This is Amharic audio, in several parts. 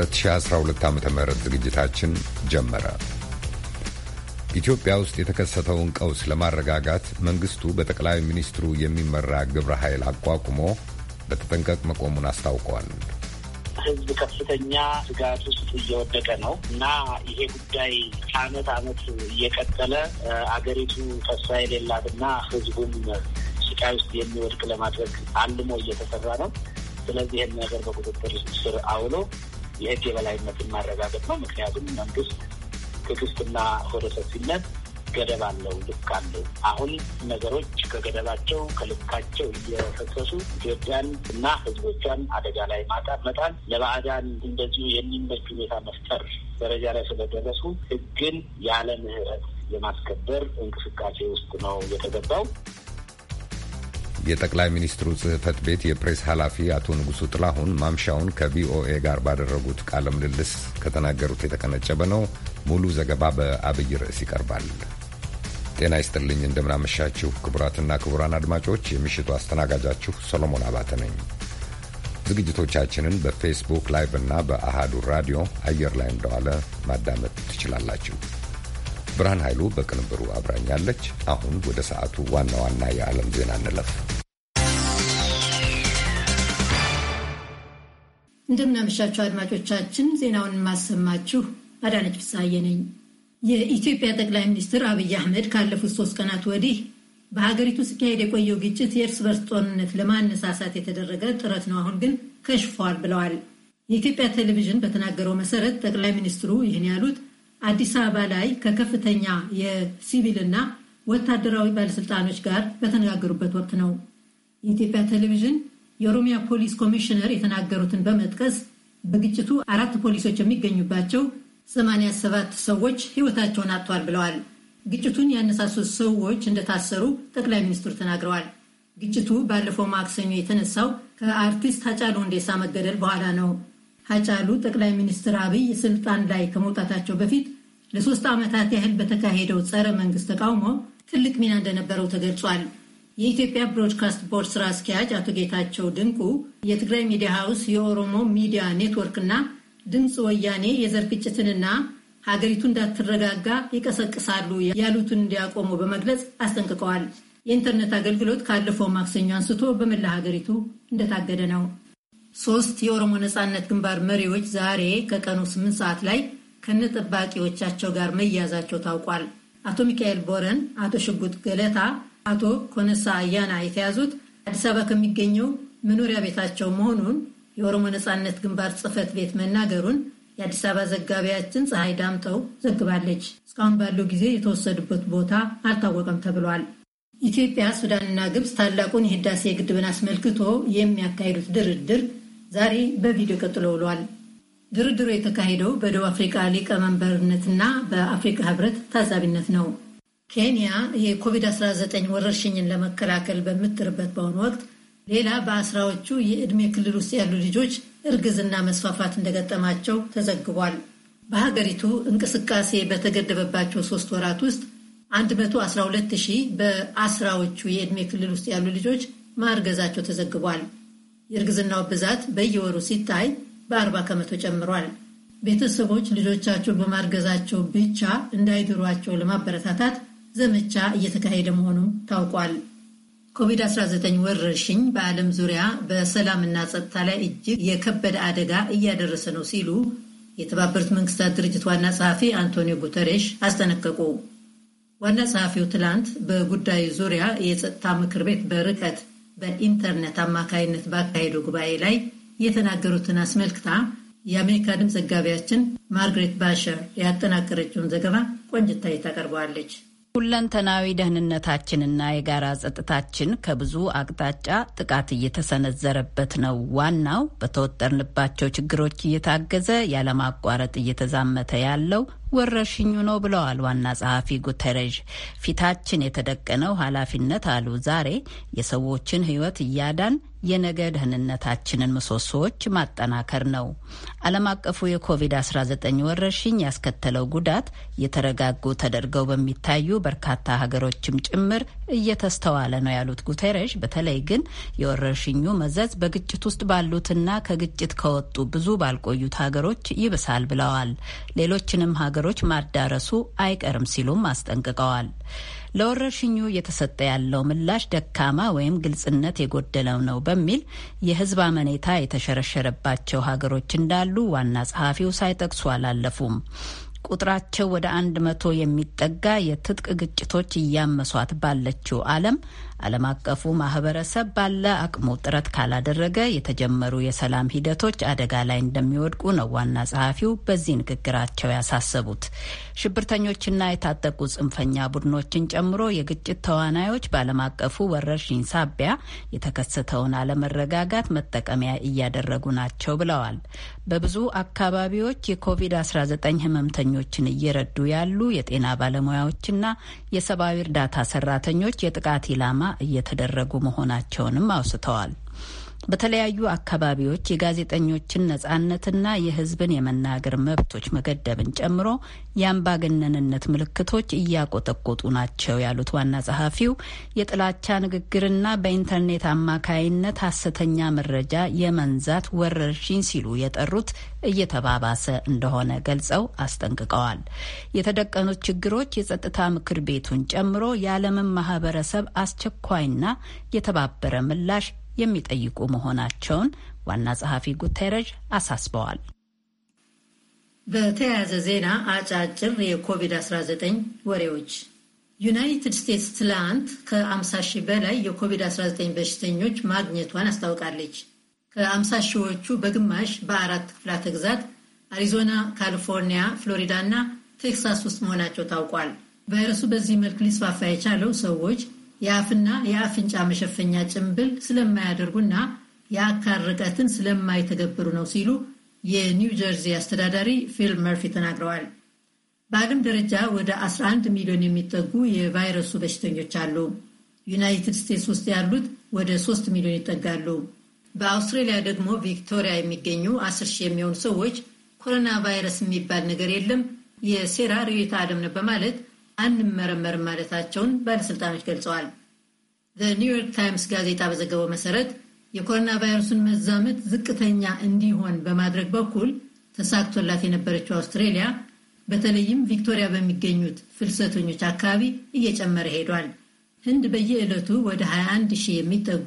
2012 ዓ ም ዝግጅታችን ጀመረ። ኢትዮጵያ ውስጥ የተከሰተውን ቀውስ ለማረጋጋት መንግስቱ በጠቅላይ ሚኒስትሩ የሚመራ ግብረ ኃይል አቋቁሞ በተጠንቀቅ መቆሙን አስታውቀዋል። ህዝብ ከፍተኛ ስጋት ውስጥ እየወደቀ ነው እና ይሄ ጉዳይ ከአመት አመት እየቀጠለ አገሪቱ ተስፋ የሌላትና ህዝቡም ስቃይ ውስጥ የሚወድቅ ለማድረግ አልሞ እየተሰራ ነው። ስለዚህ ይህን ነገር በቁጥጥር ስር አውሎ የህግ የበላይነትን ማረጋገጥ ነው። ምክንያቱም መንግስት ትዕግስትና ሆደ ሰፊነት ገደብ አለው፣ ልክ አለው። አሁን ነገሮች ከገደባቸው ከልካቸው እየፈሰሱ ኢትዮጵያን እና ህዝቦቿን አደጋ ላይ ማጣት መጣል ለባዕዳን እንደዚሁ የሚመች ሁኔታ መፍጠር ደረጃ ላይ ስለደረሱ ህግን ያለ ምህረት የማስከበር እንቅስቃሴ ውስጥ ነው የተገባው። የጠቅላይ ሚኒስትሩ ጽህፈት ቤት የፕሬስ ኃላፊ አቶ ንጉሱ ጥላሁን ማምሻውን ከቪኦኤ ጋር ባደረጉት ቃለ ምልልስ ከተናገሩት የተቀነጨበ ነው። ሙሉ ዘገባ በአብይ ርዕስ ይቀርባል። ጤና ይስጥልኝ፣ እንደምናመሻችሁ ክቡራትና ክቡራን አድማጮች የምሽቱ አስተናጋጃችሁ ሰሎሞን አባተ ነኝ። ዝግጅቶቻችንን በፌስቡክ ላይቭ እና በአሃዱ ራዲዮ አየር ላይ እንደዋለ ማዳመጥ ትችላላችሁ። ብርሃን ኃይሉ በቅንብሩ አብራኛለች። አሁን ወደ ሰዓቱ ዋና ዋና የዓለም ዜና እንለፍ። እንደምናመሻችሁ አድማጮቻችን፣ ዜናውን የማሰማችሁ አዳነች ፍሳዬ ነኝ። የኢትዮጵያ ጠቅላይ ሚኒስትር አብይ አህመድ ካለፉት ሶስት ቀናት ወዲህ በሀገሪቱ ሲካሄድ የቆየው ግጭት የእርስ በርስ ጦርነት ለማነሳሳት የተደረገ ጥረት ነው፣ አሁን ግን ከሽፏል ብለዋል። የኢትዮጵያ ቴሌቪዥን በተናገረው መሰረት ጠቅላይ ሚኒስትሩ ይህን ያሉት አዲስ አበባ ላይ ከከፍተኛ የሲቪልና ወታደራዊ ባለስልጣኖች ጋር በተነጋገሩበት ወቅት ነው። የኢትዮጵያ ቴሌቪዥን የኦሮሚያ ፖሊስ ኮሚሽነር የተናገሩትን በመጥቀስ በግጭቱ አራት ፖሊሶች የሚገኙባቸው 87 ሰዎች ሕይወታቸውን አጥተዋል ብለዋል። ግጭቱን ያነሳሱት ሰዎች እንደታሰሩ ጠቅላይ ሚኒስትሩ ተናግረዋል። ግጭቱ ባለፈው ማክሰኞ የተነሳው ከአርቲስት ሀጫሉ ሁንዴሳ መገደል በኋላ ነው። ሀጫሉ ጠቅላይ ሚኒስትር አብይ ስልጣን ላይ ከመውጣታቸው በፊት ለሶስት ዓመታት ያህል በተካሄደው ጸረ መንግስት ተቃውሞ ትልቅ ሚና እንደነበረው ተገልጿል። የኢትዮጵያ ብሮድካስት ቦርድ ስራ አስኪያጅ አቶ ጌታቸው ድንቁ የትግራይ ሚዲያ ሀውስ የኦሮሞ ሚዲያ ኔትወርክ ና ድምፅ ወያኔ የዘር ግጭትንና ሀገሪቱ እንዳትረጋጋ ይቀሰቅሳሉ ያሉትን እንዲያቆሙ በመግለጽ አስጠንቅቀዋል። የኢንተርኔት አገልግሎት ካለፈው ማክሰኞ አንስቶ በመላ ሀገሪቱ እንደታገደ ነው። ሶስት የኦሮሞ ነፃነት ግንባር መሪዎች ዛሬ ከቀኑ ስምንት ሰዓት ላይ ከነጠባቂዎቻቸው ጋር መያዛቸው ታውቋል። አቶ ሚካኤል ቦረን፣ አቶ ሽጉጥ ገለታ አቶ ኮነሳ አያና የተያዙት አዲስ አበባ ከሚገኘው መኖሪያ ቤታቸው መሆኑን የኦሮሞ ነፃነት ግንባር ጽህፈት ቤት መናገሩን የአዲስ አበባ ዘጋቢያችን ፀሐይ ዳምጠው ዘግባለች። እስካሁን ባለው ጊዜ የተወሰዱበት ቦታ አልታወቀም ተብሏል። ኢትዮጵያ፣ ሱዳንና ግብፅ ታላቁን የህዳሴ ግድብን አስመልክቶ የሚያካሂዱት ድርድር ዛሬ በቪዲዮ ቀጥሎ ውሏል። ድርድሩ የተካሄደው በደቡብ አፍሪካ ሊቀመንበርነትና በአፍሪካ ህብረት ታዛቢነት ነው። ኬንያ የኮቪድ-19 ወረርሽኝን ለመከላከል በምትጥርበት በአሁኑ ወቅት ሌላ በአስራዎቹ የዕድሜ ክልል ውስጥ ያሉ ልጆች እርግዝና መስፋፋት እንደገጠማቸው ተዘግቧል። በሀገሪቱ እንቅስቃሴ በተገደበባቸው ሶስት ወራት ውስጥ 112 ሺህ በአስራዎቹ የዕድሜ ክልል ውስጥ ያሉ ልጆች ማርገዛቸው ተዘግቧል። የእርግዝናው ብዛት በየወሩ ሲታይ በ ከመቶ ጨምሯል። ቤተሰቦች ልጆቻቸው በማርገዛቸው ብቻ እንዳይድሯቸው ለማበረታታት ዘመቻ እየተካሄደ መሆኑ ታውቋል። ኮቪድ-19 ወረርሽኝ በዓለም ዙሪያ በሰላምና ጸጥታ ላይ እጅግ የከበደ አደጋ እያደረሰ ነው ሲሉ የተባበሩት መንግስታት ድርጅት ዋና ጸሐፊ አንቶኒዮ ጉተሬሽ አስጠነቀቁ። ዋና ጸሐፊው ትላንት በጉዳዩ ዙሪያ የጸጥታ ምክር ቤት በርቀት በኢንተርኔት አማካይነት ባካሄደው ጉባኤ ላይ የተናገሩትን አስመልክታ የአሜሪካ ድምፅ ዘጋቢያችን ማርግሬት ባሸር ያጠናቀረችውን ዘገባ ቆንጅታ ታቀርበዋለች። ሁለንተናዊ ደህንነታችንና የጋራ ጸጥታችን ከብዙ አቅጣጫ ጥቃት እየተሰነዘረበት ነው። ዋናው በተወጠርንባቸው ችግሮች እየታገዘ ያለማቋረጥ እየተዛመተ ያለው ወረርሽኙ ነው ብለዋል ዋና ጸሐፊ ጉተረዥ። ፊታችን የተደቀነው ኃላፊነት አሉ ዛሬ የሰዎችን ሕይወት እያዳን የነገ ደህንነታችንን ምሰሶዎች ማጠናከር ነው። ዓለም አቀፉ የኮቪድ-19 ወረርሽኝ ያስከተለው ጉዳት የተረጋጉ ተደርገው በሚታዩ በርካታ ሀገሮችም ጭምር እየተስተዋለ ነው ያሉት ጉተረሽ፣ በተለይ ግን የወረርሽኙ መዘዝ በግጭት ውስጥ ባሉትና ከግጭት ከወጡ ብዙ ባልቆዩት ሀገሮች ይብሳል ብለዋል። ሌሎችንም ሀገሮች ማዳረሱ አይቀርም ሲሉም አስጠንቅቀዋል። ለወረርሽኙ እየተሰጠ ያለው ምላሽ ደካማ ወይም ግልጽነት የጎደለው ነው በሚል የህዝብ አመኔታ የተሸረሸረባቸው ሀገሮች እንዳሉ ዋና ጸሐፊው ሳይጠቅሱ አላለፉም። ቁጥራቸው ወደ አንድ መቶ የሚጠጋ የትጥቅ ግጭቶች እያመሷት ባለችው ዓለም ዓለም አቀፉ ማህበረሰብ ባለ አቅሙ ጥረት ካላደረገ የተጀመሩ የሰላም ሂደቶች አደጋ ላይ እንደሚወድቁ ነው ዋና ጸሐፊው በዚህ ንግግራቸው ያሳሰቡት። ሽብርተኞችና የታጠቁ ጽንፈኛ ቡድኖችን ጨምሮ የግጭት ተዋናዮች በዓለም አቀፉ ወረርሽኝ ሳቢያ የተከሰተውን አለመረጋጋት መጠቀሚያ እያደረጉ ናቸው ብለዋል። በብዙ አካባቢዎች የኮቪድ-19 ህመምተኞችን እየረዱ ያሉ የጤና ባለሙያዎችና የሰብአዊ እርዳታ ሰራተኞች የጥቃት ኢላማ እየተደረጉ መሆናቸውንም አውስተዋል። በተለያዩ አካባቢዎች የጋዜጠኞችን ነጻነትና የሕዝብን የመናገር መብቶች መገደብን ጨምሮ የአምባገነንነት ምልክቶች እያቆጠቆጡ ናቸው ያሉት ዋና ጸሐፊው የጥላቻ ንግግርና በኢንተርኔት አማካይነት ሀሰተኛ መረጃ የመንዛት ወረርሽኝ ሲሉ የጠሩት እየተባባሰ እንደሆነ ገልጸው አስጠንቅቀዋል። የተደቀኑት ችግሮች የጸጥታ ምክር ቤቱን ጨምሮ የዓለምን ማህበረሰብ አስቸኳይና የተባበረ ምላሽ የሚጠይቁ መሆናቸውን ዋና ጸሐፊ ጉተረዥ አሳስበዋል። በተያያዘ ዜና አጫጭር የኮቪድ-19 ወሬዎች ዩናይትድ ስቴትስ ትላንት ከ50 ሺህ በላይ የኮቪድ-19 በሽተኞች ማግኘቷን አስታውቃለች። ከ50 ሺዎቹ በግማሽ በአራት ክፍላተ ግዛት አሪዞና፣ ካሊፎርኒያ፣ ፍሎሪዳ እና ቴክሳስ ውስጥ መሆናቸው ታውቋል። ቫይረሱ በዚህ መልክ ሊስፋፋ የቻለው ሰዎች የአፍና የአፍንጫ መሸፈኛ ጭንብል ስለማያደርጉና የአካል ርቀትን ስለማይተገብሩ ነው ሲሉ የኒው ጀርዚ አስተዳዳሪ ፊል መርፊ ተናግረዋል። በዓለም ደረጃ ወደ 11 ሚሊዮን የሚጠጉ የቫይረሱ በሽተኞች አሉ። ዩናይትድ ስቴትስ ውስጥ ያሉት ወደ 3 ሚሊዮን ይጠጋሉ። በአውስትሬሊያ ደግሞ ቪክቶሪያ የሚገኙ 10 ሺህ የሚሆኑ ሰዎች ኮሮና ቫይረስ የሚባል ነገር የለም፣ የሴራ ርዕዮተ ዓለም ነው በማለት አንመረመርም ማለታቸውን ባለሥልጣኖች ገልጸዋል። ኒውዮርክ ታይምስ ጋዜጣ በዘገበው መሰረት የኮሮና ቫይረሱን መዛመት ዝቅተኛ እንዲሆን በማድረግ በኩል ተሳክቶላት የነበረችው አውስትሬሊያ በተለይም ቪክቶሪያ በሚገኙት ፍልሰተኞች አካባቢ እየጨመረ ሄዷል። ህንድ በየዕለቱ ወደ 21 ሺህ የሚጠጉ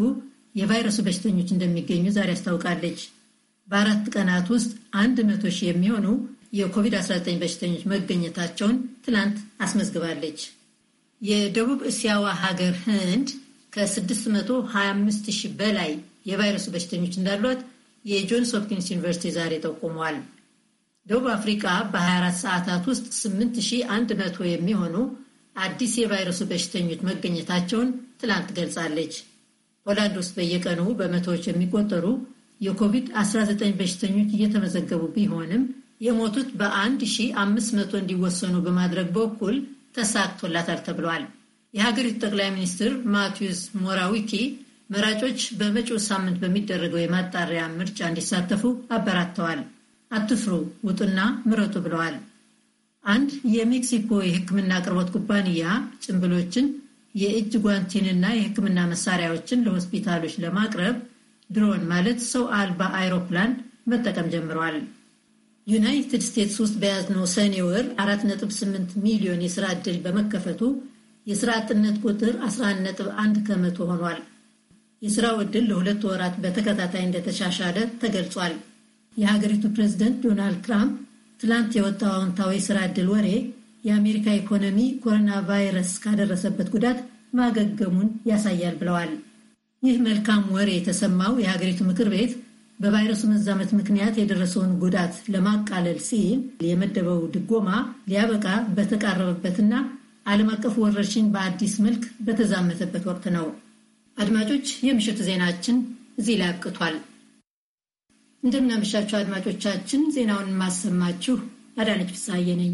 የቫይረሱ በሽተኞች እንደሚገኙ ዛሬ አስታውቃለች። በአራት ቀናት ውስጥ 100 ሺህ የሚሆኑ የኮቪድ-19 በሽተኞች መገኘታቸውን ትላንት አስመዝግባለች። የደቡብ እስያዋ ሀገር ህንድ ከ625 ሺህ በላይ የቫይረሱ በሽተኞች እንዳሏት የጆንስ ሆፕኪንስ ዩኒቨርሲቲ ዛሬ ጠቁሟል። ደቡብ አፍሪካ በ24 ሰዓታት ውስጥ 8100 የሚሆኑ አዲስ የቫይረሱ በሽተኞች መገኘታቸውን ትላንት ገልጻለች። ሆላንድ ውስጥ በየቀኑ በመቶዎች የሚቆጠሩ የኮቪድ-19 በሽተኞች እየተመዘገቡ ቢሆንም የሞቱት በ1500 እንዲወሰኑ በማድረግ በኩል ተሳክቶላታል ተብሏል። የሀገሪቱ ጠቅላይ ሚኒስትር ማቲዩስ ሞራዊኪ መራጮች በመጪው ሳምንት በሚደረገው የማጣሪያ ምርጫ እንዲሳተፉ አበራተዋል። አትፍሩ፣ ውጡና ምረጡ ብለዋል። አንድ የሜክሲኮ የሕክምና አቅርቦት ኩባንያ ጭንብሎችን፣ የእጅ ጓንቲንና የሕክምና መሳሪያዎችን ለሆስፒታሎች ለማቅረብ ድሮን ማለት ሰው አልባ አይሮፕላን መጠቀም ጀምረዋል። ዩናይትድ ስቴትስ ውስጥ በያዝነው ሰኔ ወር 4.8 ሚሊዮን የስራ ዕድል በመከፈቱ የሥራ አጥነት ቁጥር 11.1 ከመቶ ሆኗል። የሥራው ዕድል ለሁለት ወራት በተከታታይ እንደተሻሻለ ተገልጿል። የሀገሪቱ ፕሬዝደንት ዶናልድ ትራምፕ ትላንት የወጣው አዎንታዊ ሥራ ዕድል ወሬ የአሜሪካ ኢኮኖሚ ኮሮና ቫይረስ ካደረሰበት ጉዳት ማገገሙን ያሳያል ብለዋል። ይህ መልካም ወሬ የተሰማው የሀገሪቱ ምክር ቤት በቫይረሱ መዛመት ምክንያት የደረሰውን ጉዳት ለማቃለል ሲል የመደበው ድጎማ ሊያበቃ በተቃረበበትና ዓለም አቀፍ ወረርሽኝ በአዲስ መልክ በተዛመተበት ወቅት ነው። አድማጮች፣ የምሽት ዜናችን እዚህ ላይ አብቅቷል። እንደምናመሻችሁ አድማጮቻችን፣ ዜናውን የማሰማችሁ አዳነች ፍስሐዬ ነኝ።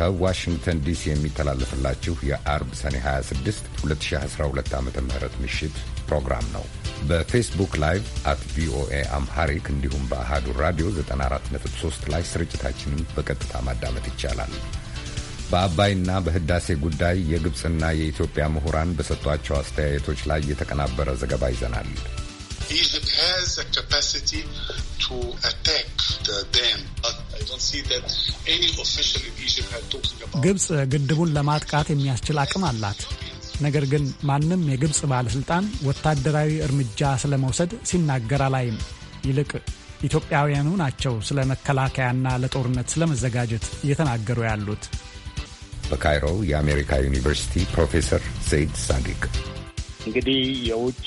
ከዋሽንግተን ዲሲ የሚተላለፍላችሁ የአርብ ሰኔ 26 2012 ዓ ም ምሽት ፕሮግራም ነው። በፌስቡክ ላይቭ አት ቪኦኤ አምሃሪክ እንዲሁም በአሃዱ ራዲዮ 943 ላይ ስርጭታችንን በቀጥታ ማዳመጥ ይቻላል። በአባይና በህዳሴ ጉዳይ የግብፅና የኢትዮጵያ ምሁራን በሰጧቸው አስተያየቶች ላይ የተቀናበረ ዘገባ ይዘናል። Egypt has a capacity to attack the dam, but I don't see that any official in Egypt are talking about. ግብጽ ግድቡን ለማጥቃት የሚያስችል አቅም አላት። ነገር ግን ማንም የግብጽ ባለስልጣን ወታደራዊ እርምጃ ስለመውሰድ ሲናገር አላይም። ይልቅ ኢትዮጵያውያኑ ናቸው ስለ መከላከያና ለጦርነት ስለመዘጋጀት እየተናገሩ ያሉት። በካይሮ የአሜሪካ ዩኒቨርሲቲ ፕሮፌሰር ዘይድ ሳዲቅ እንግዲህ የውጭ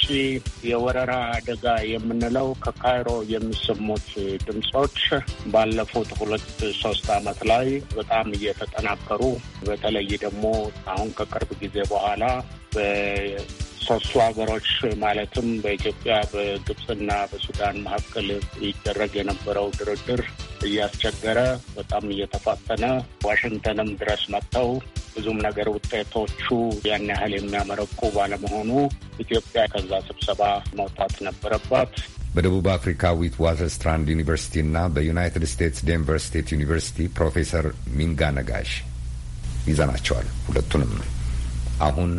የወረራ አደጋ የምንለው ከካይሮ የሚሰሙት ድምፆች ባለፉት ሁለት ሶስት አመት ላይ በጣም እየተጠናከሩ በተለይ ደግሞ አሁን ከቅርብ ጊዜ በኋላ በተፋሰሱ ሀገሮች ማለትም በኢትዮጵያ በግብፅና በሱዳን መካከል ይደረግ የነበረው ድርድር እያስቸገረ በጣም እየተፋጠነ ዋሽንግተንም ድረስ መጥተው ብዙም ነገር ውጤቶቹ ያን ያህል የሚያመረቁ ባለመሆኑ ኢትዮጵያ ከዛ ስብሰባ መውጣት ነበረባት። በደቡብ አፍሪካዊት ዋተርስትራንድ ዩኒቨርሲቲ እና በዩናይትድ ስቴትስ ዴንቨር ስቴት ዩኒቨርሲቲ ፕሮፌሰር ሚንጋ ነጋሽ ይዘናቸዋል ሁለቱንም። አሁን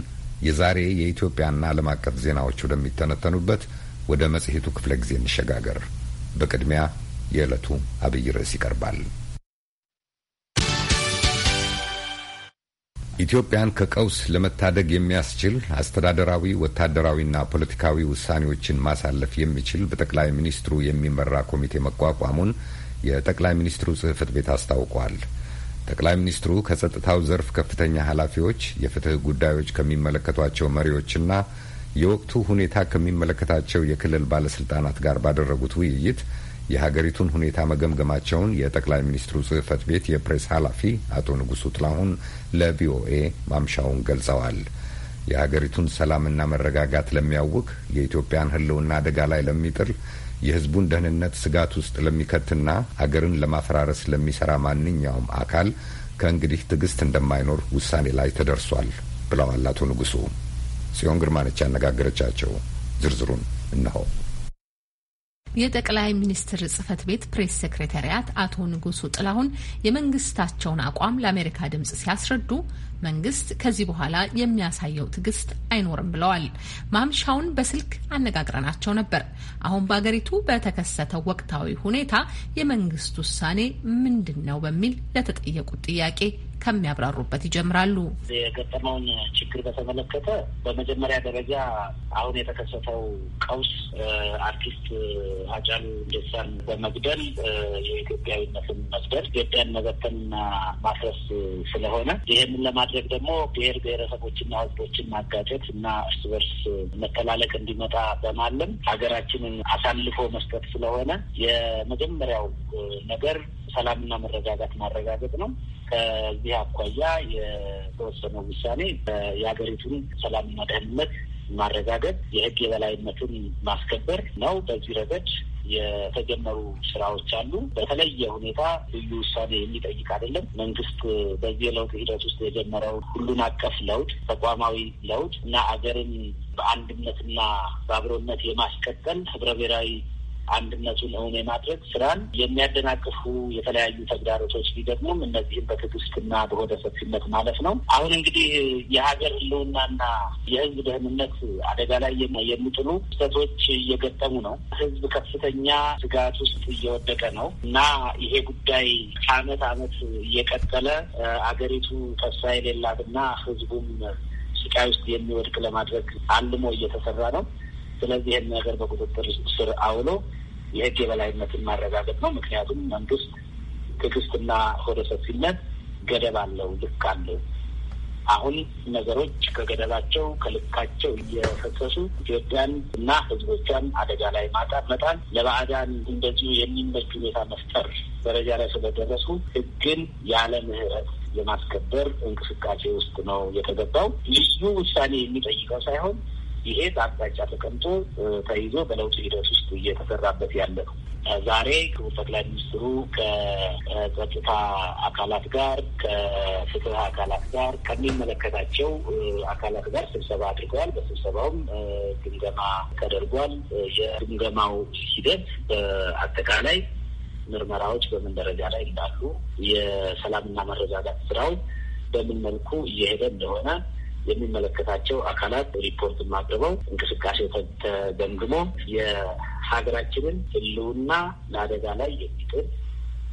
የዛሬ የኢትዮጵያና ዓለም አቀፍ ዜናዎች ወደሚተነተኑበት ወደ መጽሔቱ ክፍለ ጊዜ እንሸጋገር። በቅድሚያ የዕለቱ አብይ ርዕስ ይቀርባል። ኢትዮጵያን ከቀውስ ለመታደግ የሚያስችል አስተዳደራዊ፣ ወታደራዊና ፖለቲካዊ ውሳኔዎችን ማሳለፍ የሚችል በጠቅላይ ሚኒስትሩ የሚመራ ኮሚቴ መቋቋሙን የጠቅላይ ሚኒስትሩ ጽህፈት ቤት አስታውቋል። ጠቅላይ ሚኒስትሩ ከጸጥታው ዘርፍ ከፍተኛ ኃላፊዎች፣ የፍትህ ጉዳዮች ከሚመለከቷቸው መሪዎችና የወቅቱ ሁኔታ ከሚመለከታቸው የክልል ባለስልጣናት ጋር ባደረጉት ውይይት የሀገሪቱን ሁኔታ መገምገማቸውን የጠቅላይ ሚኒስትሩ ጽህፈት ቤት የፕሬስ ኃላፊ አቶ ንጉሱ ጥላሁን ለቪኦኤ ማምሻውን ገልጸዋል። የሀገሪቱን ሰላምና መረጋጋት ለሚያውክ የኢትዮጵያን ህልውና አደጋ ላይ ለሚጥል የህዝቡን ደህንነት ስጋት ውስጥ ለሚከትና አገርን ለማፈራረስ ለሚሰራ ማንኛውም አካል ከእንግዲህ ትዕግስት እንደማይኖር ውሳኔ ላይ ተደርሷል ብለዋል አቶ ንጉሱ። ጽዮን ግርማነች ያነጋገረቻቸው ዝርዝሩን እነሆ። የጠቅላይ ሚኒስትር ጽህፈት ቤት ፕሬስ ሴክሬታሪያት አቶ ንጉሱ ጥላሁን የመንግስታቸውን አቋም ለአሜሪካ ድምጽ ሲያስረዱ መንግስት ከዚህ በኋላ የሚያሳየው ትዕግስት አይኖርም ብለዋል። ማምሻውን በስልክ አነጋግረናቸው ነበር። አሁን በአገሪቱ በተከሰተው ወቅታዊ ሁኔታ የመንግስት ውሳኔ ምንድን ነው በሚል ለተጠየቁት ጥያቄ ከሚያብራሩበት ይጀምራሉ። የገጠመውን ችግር በተመለከተ በመጀመሪያ ደረጃ አሁን የተከሰተው ቀውስ አርቲስት አጫሉ ሁንዴሳን በመግደል የኢትዮጵያዊነትን መግደል ኢትዮጵያን መበተንና ማፍረስ ስለሆነ ይህንን ለማድረግ ማድረግ ደግሞ ብሔር ብሔረሰቦችና ህዝቦችን ማጋጨት እና እርስ በርስ መተላለቅ እንዲመጣ በማለም ሀገራችንን አሳልፎ መስጠት ስለሆነ የመጀመሪያው ነገር ሰላምና መረጋጋት ማረጋገጥ ነው። ከዚህ አኳያ የተወሰነው ውሳኔ የሀገሪቱን ሰላምና ደህንነት ማረጋገጥ፣ የህግ የበላይነቱን ማስከበር ነው። በዚህ ረገድ የተጀመሩ ስራዎች አሉ። በተለየ ሁኔታ ልዩ ውሳኔ የሚጠይቅ አይደለም። መንግስት በዚህ የለውጥ ሂደት ውስጥ የጀመረው ሁሉን አቀፍ ለውጥ፣ ተቋማዊ ለውጥ እና አገርን በአንድነትና በአብሮነት የማስቀጠል ህብረ ብሔራዊ አንድነቱን እውን የማድረግ ስራን የሚያደናቅፉ የተለያዩ ተግዳሮቶች ቢገጥሙም እነዚህም በትዕግስትና በሆደ ሰፊነት ማለፍ ነው። አሁን እንግዲህ የሀገር ህልውናና የህዝብ ደህንነት አደጋ ላይ የሚጥሉ ክስተቶች እየገጠሙ ነው። ህዝብ ከፍተኛ ስጋት ውስጥ እየወደቀ ነው እና ይሄ ጉዳይ ከአመት አመት እየቀጠለ አገሪቱ ተስፋ የሌላትና ህዝቡም ስቃይ ውስጥ የሚወድቅ ለማድረግ አልሞ እየተሰራ ነው። ስለዚህ ይህን ነገር በቁጥጥር ስር አውሎ የህግ የበላይነትን ማረጋገጥ ነው። ምክንያቱም መንግስት ትዕግስትና ሆደ ሰፊነት ገደብ አለው፣ ልክ አለው። አሁን ነገሮች ከገደባቸው ከልካቸው እየፈሰሱ ኢትዮጵያን እና ህዝቦቿን አደጋ ላይ ማጣት መጣል ለባዕዳን እንደዚሁ የሚመች ሁኔታ መፍጠር ደረጃ ላይ ስለደረሱ ህግን ያለ ምህረት የማስከበር እንቅስቃሴ ውስጥ ነው የተገባው። ልዩ ውሳኔ የሚጠይቀው ሳይሆን ይሄ በአቅጣጫ ተቀምጦ ተይዞ በለውጥ ሂደት ውስጥ እየተሰራበት ያለ ነው። ዛሬ ክቡር ጠቅላይ ሚኒስትሩ ከጸጥታ አካላት ጋር፣ ከፍትህ አካላት ጋር፣ ከሚመለከታቸው አካላት ጋር ስብሰባ አድርገዋል። በስብሰባውም ግምገማ ተደርጓል። የግምገማው ሂደት በአጠቃላይ ምርመራዎች በምን ደረጃ ላይ እንዳሉ፣ የሰላምና መረጋጋት ስራው በምን መልኩ እየሄደ እንደሆነ የሚመለከታቸው አካላት ሪፖርት ማቅርበው እንቅስቃሴው ተገምግሞ የሀገራችንን ህልውና ለአደጋ ላይ የሚጥል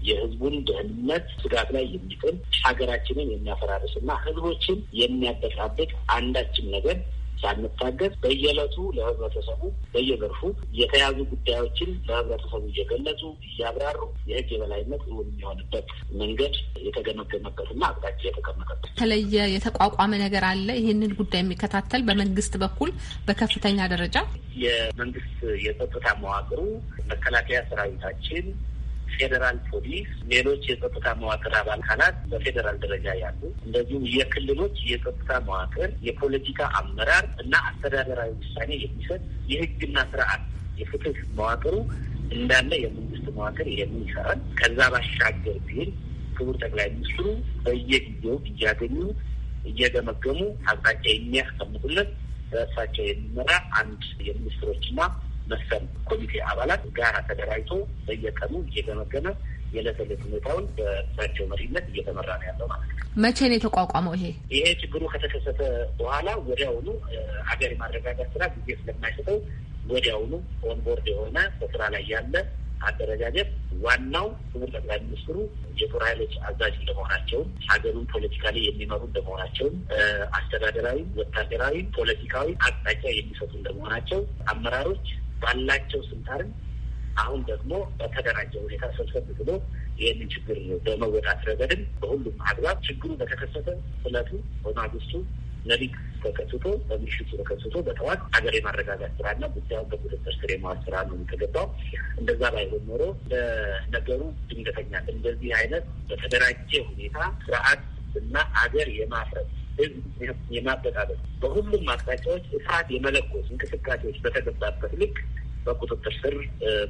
የህዝቡን ደህንነት ስጋት ላይ የሚጥል ሀገራችንን የሚያፈራርስና ህዝቦችን የሚያበጣብቅ አንዳችም ነገር ሳንታገስ በየዕለቱ ለህብረተሰቡ በየዘርፉ የተያዙ ጉዳዮችን ለህብረተሰቡ እየገለጹ እያብራሩ የህግ የበላይነት እውን የሚሆንበት መንገድ የተገመገመበትና አቅጣጫ የተቀመጠበት የተለየ የተቋቋመ ነገር አለ። ይህንን ጉዳይ የሚከታተል በመንግስት በኩል በከፍተኛ ደረጃ የመንግስት የጸጥታ መዋቅሩ መከላከያ ሰራዊታችን ፌዴራል ፖሊስ፣ ሌሎች የጸጥታ መዋቅር አባል አካላት በፌዴራል ደረጃ ያሉ እንደዚሁም የክልሎች የጸጥታ መዋቅር፣ የፖለቲካ አመራር እና አስተዳደራዊ ውሳኔ የሚሰጥ የህግና ስርዓት የፍትህ መዋቅሩ እንዳለ የመንግስት መዋቅር ይሰራል። ከዛ ባሻገር ቢል ክቡር ጠቅላይ ሚኒስትሩ በየጊዜው እያገኙ እየገመገሙ አቅጣጫ የሚያስቀምጡለት በእሳቸው የሚመራ አንድ የሚኒስትሮችና መሰል ኮሚቴ አባላት ጋራ ተደራጅቶ በየቀኑ እየገመገመ የዕለት ዕለት ሁኔታውን በእሳቸው መሪነት እየተመራ ነው ያለው ማለት ነው። መቼ ነው የተቋቋመው? ይሄ ይሄ ችግሩ ከተከሰተ በኋላ ወዲያውኑ ሀገር የማረጋጋት ስራ ጊዜ ስለማይሰጠው ወዲያውኑ ኦንቦርድ የሆነ በስራ ላይ ያለ አደረጃጀት ዋናው ክቡር ጠቅላይ ሚኒስትሩ የጦር ኃይሎች አዛዥ እንደመሆናቸውም ሀገሩን ላይ የሚመሩ እንደመሆናቸውም አስተዳደራዊ፣ ወታደራዊ፣ ፖለቲካዊ አቅጣጫ የሚሰጡ እንደመሆናቸው አመራሮች ባላቸው ስልጣን አሁን ደግሞ በተደራጀ ሁኔታ ሰብሰብ ብሎ ይህንን ችግር በመወጣት ረገድም በሁሉም አግባብ ችግሩ በተከሰተ እለቱ በማግስቱ ሌሊት ተከስቶ በምሽቱ ተከስቶ በጠዋት ሀገር የማረጋጋት ስራና ጉዳዩን በቁጥጥር ስር የማዋል ስራ ነው የተገባው። እንደዛ ባይሆን ኖሮ ለነገሩ ድንገተኛ እንደዚህ አይነት በተደራጀ ሁኔታ ስርዓት እና አገር የማፍረስ ህዝብ የማበጣበጥ በሁሉም አቅጣጫዎች እሳት የመለኮስ እንቅስቃሴዎች በተገባበት ልክ በቁጥጥር ስር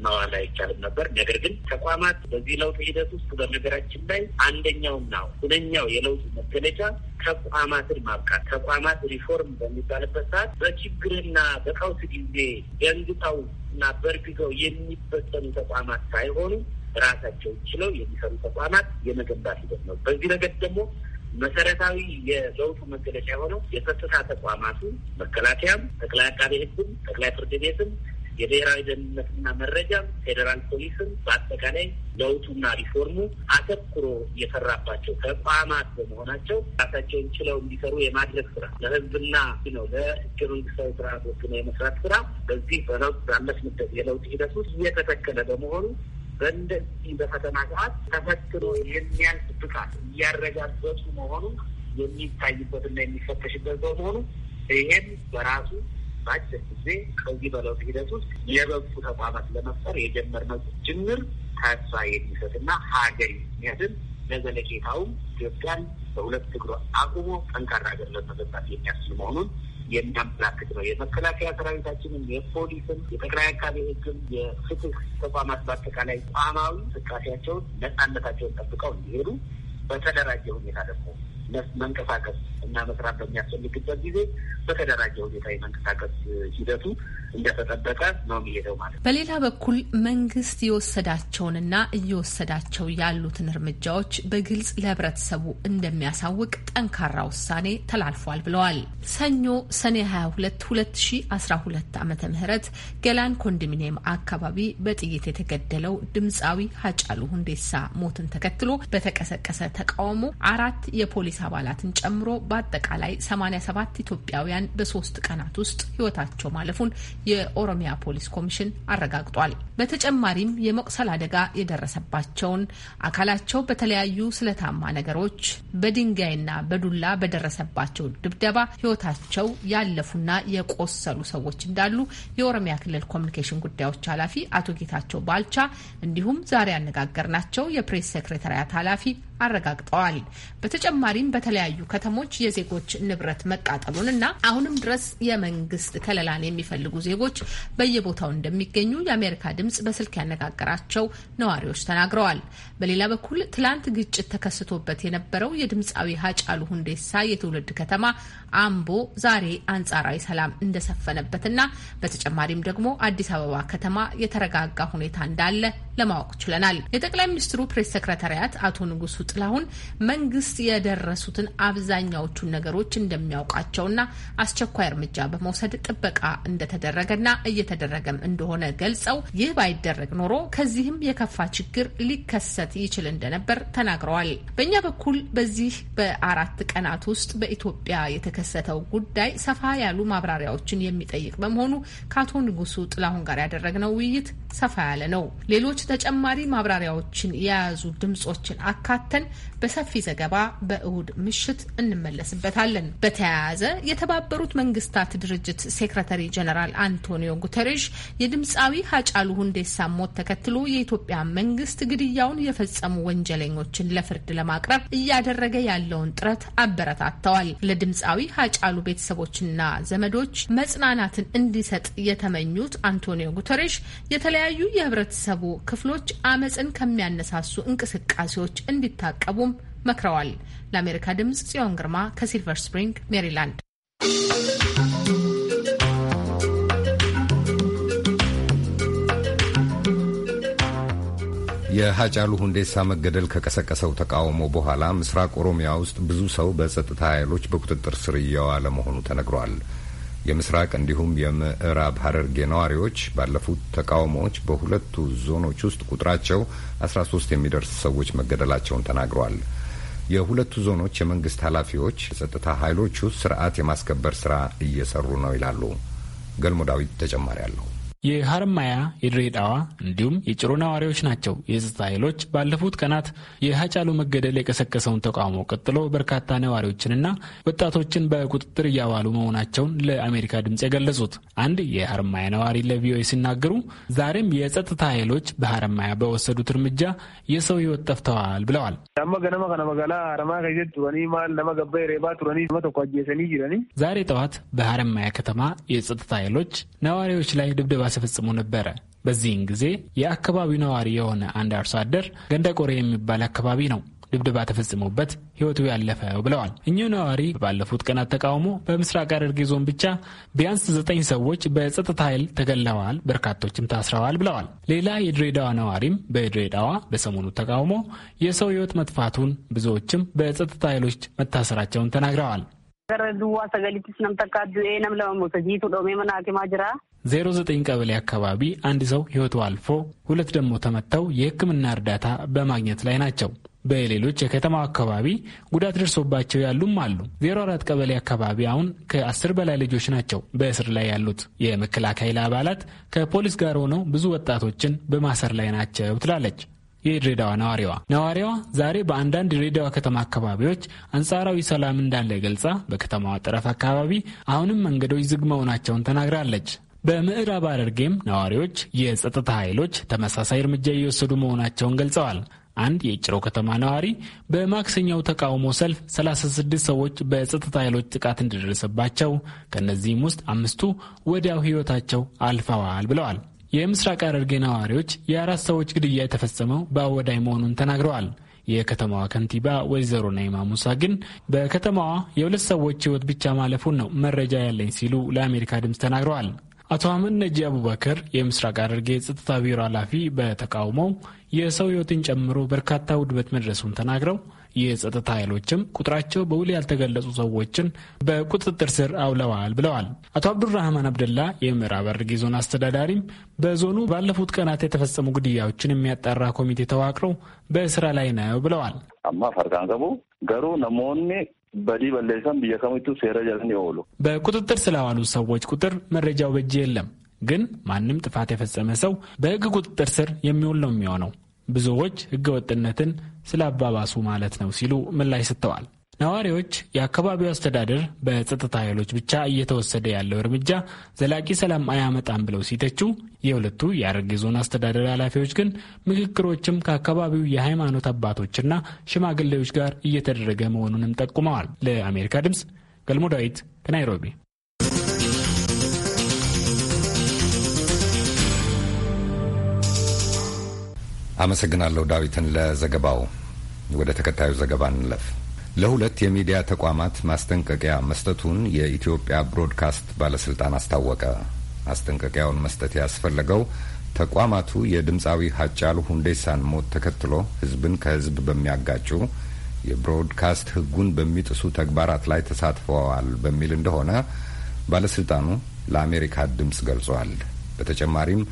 መዋል አይቻልም ነበር። ነገር ግን ተቋማት በዚህ ለውጥ ሂደት ውስጥ በነገራችን ላይ አንደኛውና ሁነኛው የለውጥ መገለጫ ተቋማትን ማብቃት፣ ተቋማት ሪፎርም በሚባልበት ሰዓት በችግርና በቀውስ ጊዜ ገንግታው እና በእርግገው የሚበጠኑ ተቋማት ሳይሆኑ ራሳቸው ችለው የሚሰሩ ተቋማት የመገንባት ሂደት ነው። በዚህ ረገድ ደግሞ መሰረታዊ የለውጡ መገለጫ የሆነው የጸጥታ ተቋማቱ መከላከያም፣ ጠቅላይ አቃቤ ሕግም፣ ጠቅላይ ፍርድ ቤትም፣ የብሔራዊ ደህንነትና መረጃም፣ ፌዴራል ፖሊስም በአጠቃላይ ለውጡና ሪፎርሙ አተኩሮ የሰራባቸው ተቋማት በመሆናቸው ራሳቸውን ችለው እንዲሰሩ የማድረግ ስራ ለህዝብና ነው ለህገ መንግስታዊ ስርዓት ወስኖ የመስራት ስራ በዚህ ባለፍንበት የለውጥ ሂደት ውስጥ እየተተከለ በመሆኑ በእንደዚህ በፈተና ሰዓት ተፈትኖ የሚያልፍ ብቃት እያረጋገጡ መሆኑ የሚታይበትና የሚፈተሽበት በመሆኑ ይህም በራሱ በአጭር ጊዜ ከዚህ በለውጥ ሂደት ውስጥ የበቁ ተቋማት ለመፍጠር የጀመርነው ጅምር ተስፋ የሚሰጥና ሀገር የሚያድን ለዘለቄታውም ኢትዮጵያን በሁለት እግሮ አቁሞ ጠንካራ ሀገር ለመገንባት የሚያስችል መሆኑን የሚያመላክት ነው። የመከላከያ ሰራዊታችንም፣ የፖሊስም፣ የጠቅላይ አካባቢ ህግም፣ የፍትህ ተቋማት በአጠቃላይ ቋማዊ እንቅስቃሴያቸውን ነጻነታቸውን ጠብቀው እንዲሄዱ በተደራጀ ሁኔታ ደግሞ መንቀሳቀስ እና መስራት በሚያስፈልግበት ጊዜ በተደራጀ ሁኔታ የመንቀሳቀስ ሂደቱ እንደተጠበቀ ነው የሚሄደው ማለት ነው። በሌላ በኩል መንግስት የወሰዳቸውንና እየወሰዳቸው ያሉትን እርምጃዎች በግልጽ ለህብረተሰቡ እንደሚያሳውቅ ጠንካራ ውሳኔ ተላልፏል ብለዋል። ሰኞ ሰኔ 22 2012 ዓ ም ገላን ኮንዶሚኒየም አካባቢ በጥይት የተገደለው ድምፃዊ ሀጫሉ ሁንዴሳ ሞትን ተከትሎ በተቀሰቀሰ ተቃውሞ አራት የፖሊስ አባላትን ጨምሮ በአጠቃላይ 87 ኢትዮጵያውያን በሶስት ቀናት ውስጥ ህይወታቸው ማለፉን የኦሮሚያ ፖሊስ ኮሚሽን አረጋግጧል። በተጨማሪም የመቁሰል አደጋ የደረሰባቸውን አካላቸው በተለያዩ ስለታማ ነገሮች በድንጋይና በዱላ በደረሰባቸው ድብደባ ህይወታቸው ያለፉና የቆሰሉ ሰዎች እንዳሉ የኦሮሚያ ክልል ኮሚኒኬሽን ጉዳዮች ኃላፊ አቶ ጌታቸው ባልቻ እንዲሁም ዛሬ ያነጋገርናቸው የፕሬስ ሴክሬታሪያት ኃላፊ አረጋግጠዋል። በተጨማሪም በተለያዩ ከተሞች የዜጎች ንብረት መቃጠሉን እና አሁንም ድረስ የመንግስት ከለላን የሚፈልጉ ዜጎች በየቦታው እንደሚገኙ የአሜሪካ ድምጽ በስልክ ያነጋገራቸው ነዋሪዎች ተናግረዋል። በሌላ በኩል ትላንት ግጭት ተከስቶበት የነበረው የድምፃዊ ሀጫሉ ሁንዴሳ የትውልድ ከተማ አምቦ ዛሬ አንጻራዊ ሰላም እንደሰፈነበትና በተጨማሪም ደግሞ አዲስ አበባ ከተማ የተረጋጋ ሁኔታ እንዳለ ለማወቅ ችለናል። የጠቅላይ ሚኒስትሩ ፕሬስ ሰክረታሪያት አቶ ንጉሱ ጥላሁን መንግስት የደረሱትን አብዛኛዎቹን ነገሮች እንደሚያውቃቸውና አስቸኳይ እርምጃ በመውሰድ ጥበቃ እንደተደረገና እየተደረገም እንደሆነ ገልጸው ይህ ባይደረግ ኖሮ ከዚህም የከፋ ችግር ሊከሰት ይችል እንደነበር ተናግረዋል። በእኛ በኩል በዚህ በአራት ቀናት ውስጥ በኢትዮጵያ የተከሰተው ጉዳይ ሰፋ ያሉ ማብራሪያዎችን የሚጠይቅ በመሆኑ ከአቶ ንጉሱ ጥላሁን ጋር ያደረግነው ውይይት ሰፋ ያለ ነው። ሌሎች ተጨማሪ ማብራሪያዎችን የያዙ ድምጾችን አካተን አድርገን በሰፊ ዘገባ በእሁድ ምሽት እንመለስበታለን። በተያያዘ የተባበሩት መንግስታት ድርጅት ሴክረተሪ ጀነራል አንቶኒዮ ጉተሬሽ የድምፃዊ ሀጫሉ ሁንዴሳ ሞት ተከትሎ የኢትዮጵያ መንግስት ግድያውን የፈጸሙ ወንጀለኞችን ለፍርድ ለማቅረብ እያደረገ ያለውን ጥረት አበረታተዋል። ለድምፃዊ ሀጫሉ ቤተሰቦችና ዘመዶች መጽናናትን እንዲሰጥ የተመኙት አንቶኒዮ ጉተሬሽ የተለያዩ የህብረተሰቡ ክፍሎች አመፅን ከሚያነሳሱ እንቅስቃሴዎች እንዲታ እንዲታቀቡም መክረዋል። ለአሜሪካ ድምፅ ጽዮን ግርማ ከሲልቨር ስፕሪንግ ሜሪላንድ። የሀጫሉ ሁንዴሳ መገደል ከቀሰቀሰው ተቃውሞ በኋላ ምስራቅ ኦሮሚያ ውስጥ ብዙ ሰው በጸጥታ ኃይሎች በቁጥጥር ስር እየዋለ መሆኑ ተነግሯል። የምስራቅ እንዲሁም የምዕራብ ሀረርጌ ነዋሪዎች ባለፉት ተቃውሞዎች በሁለቱ ዞኖች ውስጥ ቁጥራቸው አስራ ሶስት የሚደርስ ሰዎች መገደላቸውን ተናግረዋል። የሁለቱ ዞኖች የመንግስት ኃላፊዎች የጸጥታ ኃይሎቹ ስርዓት የማስከበር ስራ እየሰሩ ነው ይላሉ። ገልሞ ዳዊት ተጨማሪ አለሁ የሀረማያ የድሬዳዋ እንዲሁም የጭሮ ነዋሪዎች ናቸው። የጸጥታ ኃይሎች ባለፉት ቀናት የሀጫሉ መገደል የቀሰቀሰውን ተቃውሞ ቀጥሎ በርካታ ነዋሪዎችንና ወጣቶችን በቁጥጥር እያዋሉ መሆናቸውን ለአሜሪካ ድምፅ የገለጹት አንድ የሀረማያ ነዋሪ ለቪኦኤ ሲናገሩ ዛሬም የጸጥታ ኃይሎች በሀረማያ በወሰዱት እርምጃ የሰው ህይወት ጠፍተዋል ብለዋል። ዛሬ ጠዋት በሀረማያ ከተማ የጸጥታ ኃይሎች ነዋሪዎች ላይ ድብደባ አስፈጽሞ ነበረ። በዚህን ጊዜ የአካባቢው ነዋሪ የሆነ አንድ አርሶ አደር ገንደቆሬ የሚባል አካባቢ ነው ድብደባ ተፈጽሞበት ህይወቱ ያለፈው ብለዋል። እኚሁ ነዋሪ ባለፉት ቀናት ተቃውሞ በምስራቅ ሐረርጌ ዞን ብቻ ቢያንስ ዘጠኝ ሰዎች በጸጥታ ኃይል ተገለዋል፣ በርካቶችም ታስረዋል ብለዋል። ሌላ የድሬዳዋ ነዋሪም በድሬዳዋ በሰሞኑ ተቃውሞ የሰው ህይወት መጥፋቱን ብዙዎችም በጸጥታ ኃይሎች መታሰራቸውን ተናግረዋል። 09 ቀበሌ አካባቢ አንድ ሰው ህይወቱ አልፎ ሁለት ደግሞ ተመተው የህክምና እርዳታ በማግኘት ላይ ናቸው። በሌሎች የከተማው አካባቢ ጉዳት ደርሶባቸው ያሉም አሉ። 04 ቀበሌ አካባቢ አሁን ከ10 በላይ ልጆች ናቸው በእስር ላይ ያሉት። የመከላከያ አባላት ከፖሊስ ጋር ሆነው ብዙ ወጣቶችን በማሰር ላይ ናቸው ትላለች የድሬዳዋ ነዋሪዋ ነዋሪዋ ዛሬ በአንዳንድ ድሬዳዋ ከተማ አካባቢዎች አንጻራዊ ሰላም እንዳለ ገልጻ በከተማዋ ጠረፍ አካባቢ አሁንም መንገዶች ዝግ መሆናቸውን ተናግራለች። በምዕራብ ሐረርጌም ነዋሪዎች የጸጥታ ኃይሎች ተመሳሳይ እርምጃ እየወሰዱ መሆናቸውን ገልጸዋል። አንድ የጭሮ ከተማ ነዋሪ በማክሰኛው ተቃውሞ ሰልፍ 36 ሰዎች በጸጥታ ኃይሎች ጥቃት እንደደረሰባቸው ከእነዚህም ውስጥ አምስቱ ወዲያው ሕይወታቸው አልፈዋል ብለዋል። የምስራቅ ሐረርጌ ነዋሪዎች የአራት ሰዎች ግድያ የተፈጸመው በአወዳይ መሆኑን ተናግረዋል። የከተማዋ ከንቲባ ወይዘሮ ናይማ ሙሳ ግን በከተማዋ የሁለት ሰዎች ሕይወት ብቻ ማለፉን ነው መረጃ ያለኝ ሲሉ ለአሜሪካ ድምፅ ተናግረዋል። አቶ አህመድ ነጂ አቡበከር የምስራቅ ሐረርጌ የጸጥታ ቢሮ ኃላፊ በተቃውሞው የሰው ህይወትን ጨምሮ በርካታ ውድመት መድረሱን ተናግረው የጸጥታ ኃይሎችም ቁጥራቸው በውል ያልተገለጹ ሰዎችን በቁጥጥር ስር አውለዋል ብለዋል። አቶ አብዱራህማን አብደላ የምዕራብ ሐረርጌ ዞን አስተዳዳሪም በዞኑ ባለፉት ቀናት የተፈጸሙ ግድያዎችን የሚያጣራ ኮሚቴ ተዋቅረው በስራ ላይ ነው ብለዋል። አማ ፈርጋንገቡ ገሩ ነሞኔ በዲህ በለሳም ብየ ከሚቱ ሴረ ጀለን ይወሉ በቁጥጥር ስለዋሉ ሰዎች ቁጥር መረጃው በእጅ የለም። ግን ማንም ጥፋት የፈጸመ ሰው በህግ ቁጥጥር ስር የሚውል ነው የሚሆነው። ብዙዎች ህገወጥነትን ወጥነትን ስላባባሱ ማለት ነው ሲሉ ምላሽ ሰጥተዋል። ነዋሪዎች የአካባቢው አስተዳደር በጸጥታ ኃይሎች ብቻ እየተወሰደ ያለው እርምጃ ዘላቂ ሰላም አያመጣም ብለው ሲተቹ፣ የሁለቱ የአረጌ ዞን አስተዳደር ኃላፊዎች ግን ምክክሮችም ከአካባቢው የሃይማኖት አባቶችና ሽማግሌዎች ጋር እየተደረገ መሆኑንም ጠቁመዋል። ለአሜሪካ ድምፅ ገልሞ ዳዊት ከናይሮቢ። አመሰግናለሁ ዳዊትን ለዘገባው። ወደ ተከታዩ ዘገባ እንለፍ። ለሁለት የሚዲያ ተቋማት ማስጠንቀቂያ መስጠቱን የኢትዮጵያ ብሮድካስት ባለስልጣን አስታወቀ። ማስጠንቀቂያውን መስጠት ያስፈለገው ተቋማቱ የድምፃዊ ሀጫሉ ሁንዴሳን ሞት ተከትሎ ህዝብን ከህዝብ በሚያጋጩ የብሮድካስት ህጉን በሚጥሱ ተግባራት ላይ ተሳትፈዋል በሚል እንደሆነ ባለስልጣኑ ለአሜሪካ ድምፅ ገልጿል። በተጨማሪም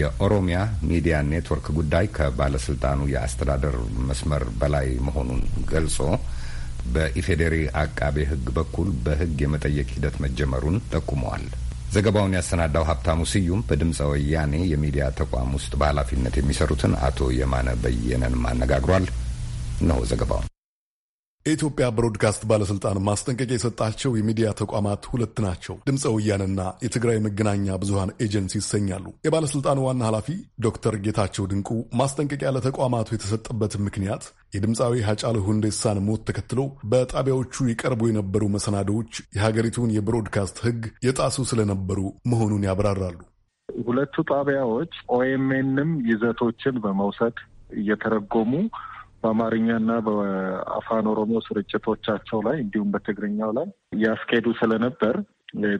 የኦሮሚያ ሚዲያ ኔትወርክ ጉዳይ ከባለስልጣኑ የአስተዳደር መስመር በላይ መሆኑን ገልጾ በኢፌዴሪ አቃቤ ሕግ በኩል በሕግ የመጠየቅ ሂደት መጀመሩን ጠቁመዋል። ዘገባውን ያሰናዳው ሀብታሙ ስዩም በድምፀ ወያኔ የሚዲያ ተቋም ውስጥ በኃላፊነት የሚሰሩትን አቶ የማነ በየነን ማነጋግሯል። ነው ዘገባውን የኢትዮጵያ ብሮድካስት ባለስልጣን ማስጠንቀቂያ የሰጣቸው የሚዲያ ተቋማት ሁለት ናቸው። ድምፀ ወያንና የትግራይ መገናኛ ብዙሃን ኤጀንሲ ይሰኛሉ። የባለስልጣኑ ዋና ኃላፊ ዶክተር ጌታቸው ድንቁ ማስጠንቀቂያ ለተቋማቱ የተሰጠበትን ምክንያት የድምፃዊ ሀጫሉ ሁንዴሳን ሞት ተከትሎ በጣቢያዎቹ ይቀርቡ የነበሩ መሰናዶዎች የሀገሪቱን የብሮድካስት ሕግ የጣሱ ስለነበሩ መሆኑን ያብራራሉ። ሁለቱ ጣቢያዎች ኦኤምኤንም ይዘቶችን በመውሰድ እየተረጎሙ በአማርኛና በአፋን ኦሮሞ ስርጭቶቻቸው ላይ እንዲሁም በትግርኛው ላይ ያስኬዱ ስለነበር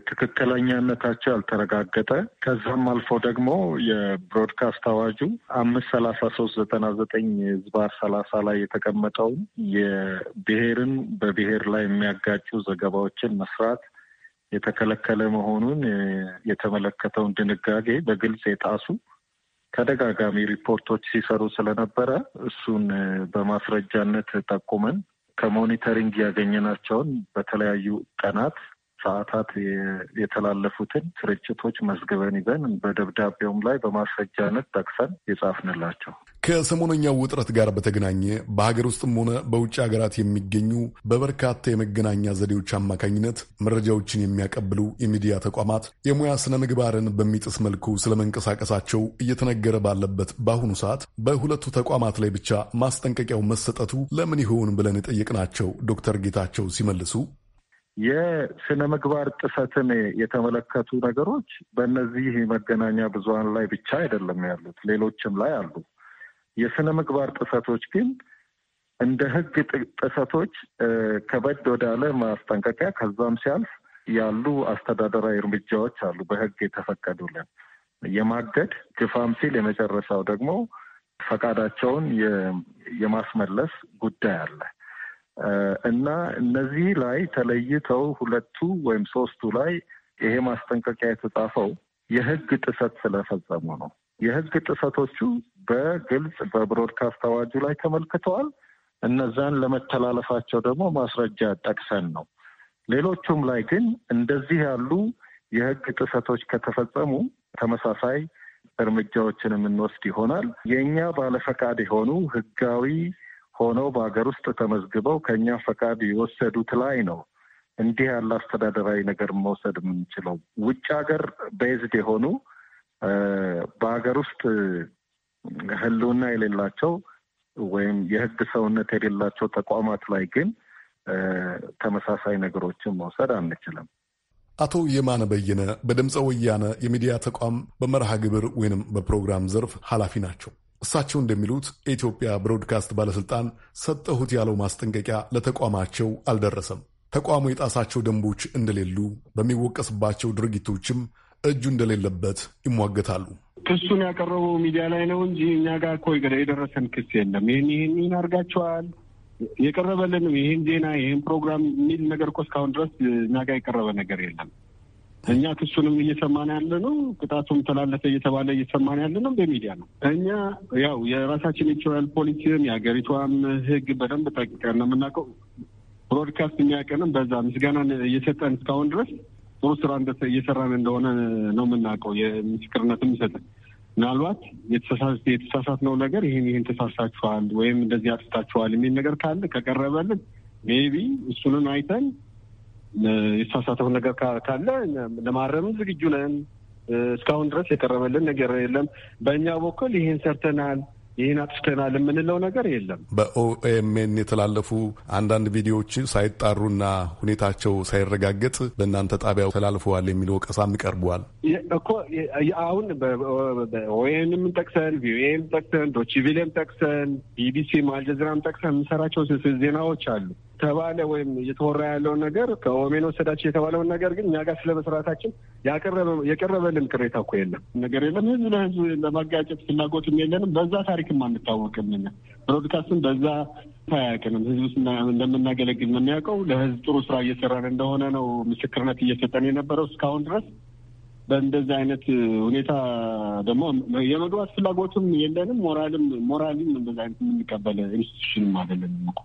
ትክክለኛነታቸው ያልተረጋገጠ ከዛም አልፎ ደግሞ የብሮድካስት አዋጁ አምስት ሰላሳ ሶስት ዘጠና ዘጠኝ ህዝባር ሰላሳ ላይ የተቀመጠውን የብሔርን በብሔር ላይ የሚያጋጩ ዘገባዎችን መስራት የተከለከለ መሆኑን የተመለከተውን ድንጋጌ በግልጽ የጣሱ ተደጋጋሚ ሪፖርቶች ሲሰሩ ስለነበረ እሱን በማስረጃነት ጠቁመን ከሞኒተሪንግ ያገኘናቸውን በተለያዩ ቀናት ሰዓታት የተላለፉትን ስርጭቶች መዝግበን ይዘን በደብዳቤውም ላይ በማስረጃነት ጠቅሰን የጻፍንላቸው። ከሰሞነኛው ውጥረት ጋር በተገናኘ በሀገር ውስጥም ሆነ በውጭ ሀገራት የሚገኙ በበርካታ የመገናኛ ዘዴዎች አማካኝነት መረጃዎችን የሚያቀብሉ የሚዲያ ተቋማት የሙያ ስነ ምግባርን በሚጥስ መልኩ ስለመንቀሳቀሳቸው እየተነገረ ባለበት በአሁኑ ሰዓት በሁለቱ ተቋማት ላይ ብቻ ማስጠንቀቂያው መሰጠቱ ለምን ይሆን ብለን የጠየቅናቸው ዶክተር ጌታቸው ሲመልሱ የስነ ምግባር ጥሰትን የተመለከቱ ነገሮች በእነዚህ መገናኛ ብዙሀን ላይ ብቻ አይደለም ያሉት፣ ሌሎችም ላይ አሉ። የስነ ምግባር ጥሰቶች ግን እንደ ህግ ጥሰቶች ከበድ ወዳለ ማስጠንቀቂያ ከዛም ሲያልፍ ያሉ አስተዳደራዊ እርምጃዎች አሉ በህግ የተፈቀዱልን የማገድ ግፋም ሲል የመጨረሻው ደግሞ ፈቃዳቸውን የማስመለስ ጉዳይ አለ። እና እነዚህ ላይ ተለይተው ሁለቱ ወይም ሶስቱ ላይ ይሄ ማስጠንቀቂያ የተጻፈው የህግ ጥሰት ስለፈጸሙ ነው። የህግ ጥሰቶቹ በግልጽ በብሮድካስት አዋጁ ላይ ተመልክተዋል። እነዛን ለመተላለፋቸው ደግሞ ማስረጃ ጠቅሰን ነው። ሌሎቹም ላይ ግን እንደዚህ ያሉ የህግ ጥሰቶች ከተፈጸሙ ተመሳሳይ እርምጃዎችን የምንወስድ ይሆናል። የእኛ ባለፈቃድ የሆኑ ህጋዊ ሆነው በሀገር ውስጥ ተመዝግበው ከኛ ፈቃድ የወሰዱት ላይ ነው እንዲህ ያለ አስተዳደራዊ ነገር መውሰድ የምንችለው። ውጭ ሀገር ቤዝድ የሆኑ በሀገር ውስጥ ህልውና የሌላቸው ወይም የህግ ሰውነት የሌላቸው ተቋማት ላይ ግን ተመሳሳይ ነገሮችን መውሰድ አንችልም። አቶ የማነ በየነ በድምፀ ወያነ የሚዲያ ተቋም በመርሃ ግብር ወይንም በፕሮግራም ዘርፍ ኃላፊ ናቸው። እሳቸው እንደሚሉት የኢትዮጵያ ብሮድካስት ባለሥልጣን ሰጠሁት ያለው ማስጠንቀቂያ ለተቋማቸው አልደረሰም። ተቋሙ የጣሳቸው ደንቦች እንደሌሉ በሚወቀስባቸው ድርጊቶችም እጁ እንደሌለበት ይሟገታሉ። ክሱን ያቀረበው ሚዲያ ላይ ነው እንጂ እኛ ጋር እኮ የደረሰን ክስ የለም። ይህን ይህን ይህን አድርጋችኋል የቀረበልንም ይህን ዜና ይህን ፕሮግራም የሚል ነገር እኮ እስካሁን ድረስ እኛ ጋር የቀረበ ነገር የለም። እኛ ክሱንም እየሰማን ያለ ነው፣ ቅጣቱም ተላለፈ እየተባለ እየሰማን ያለ ነው በሚዲያ ነው። እኛ ያው የራሳችን ኢንሹራል ፖሊሲም የሀገሪቷም ህግ በደንብ ጠቅቀን ነው የምናውቀው። ብሮድካስት የሚያቀንም በዛ ምስጋናን እየሰጠን እስካሁን ድረስ ጥሩ ስራ እየሰራን እንደሆነ ነው የምናውቀው። የምስክርነትም ይሰጠን ምናልባት የተሳሳት ነው ነገር ይህን ይህን ተሳሳችኋል ወይም እንደዚህ አጥፍታችኋል የሚል ነገር ካለ ከቀረበልን ሜቢ እሱንን አይተን የተሳሳተው ነገር ካለ ለማረምም ዝግጁ ነን። እስካሁን ድረስ የቀረበልን ነገር የለም። በእኛ በኩል ይህን ሰርተናል ይህን አጥፍተናል የምንለው ነገር የለም። በኦኤምኤን የተላለፉ አንዳንድ ቪዲዮዎች ሳይጣሩና ሁኔታቸው ሳይረጋገጥ በእናንተ ጣቢያው ተላልፈዋል የሚል ወቀሳም ይቀርበዋል እኮ አሁን ኦኤንም ጠቅሰን ቪኦኤም ጠቅሰን ዶችቪሌም ጠቅሰን ቢቢሲም አልጀዚራም ጠቅሰን የምንሰራቸው ዜናዎች አሉ ተባለ ወይም እየተወራ ያለውን ነገር ከኦሜን ወሰዳቸው የተባለውን ነገር ግን እኛ ጋር ስለመስራታችን የቀረበልን ቅሬታ እኮ የለም ነገር የለም። ህዝብ ለህዝብ ለማጋጨት ፍላጎትም የለንም። በዛ ታሪክም አንታወቅም። ብሮድካስትም በዛ አያውቅንም። ህዝብ እንደምናገለግል ነው የሚያውቀው። ለህዝብ ጥሩ ስራ እየሰራን እንደሆነ ነው ምስክርነት እየሰጠን የነበረው እስካሁን ድረስ በእንደዚህ አይነት ሁኔታ ደግሞ የመግባት ፍላጎትም የለንም። ሞራልም ሞራልም እንደዚህ አይነት የምንቀበለ ኢንስቲቱሽንም አይደለንም እኮ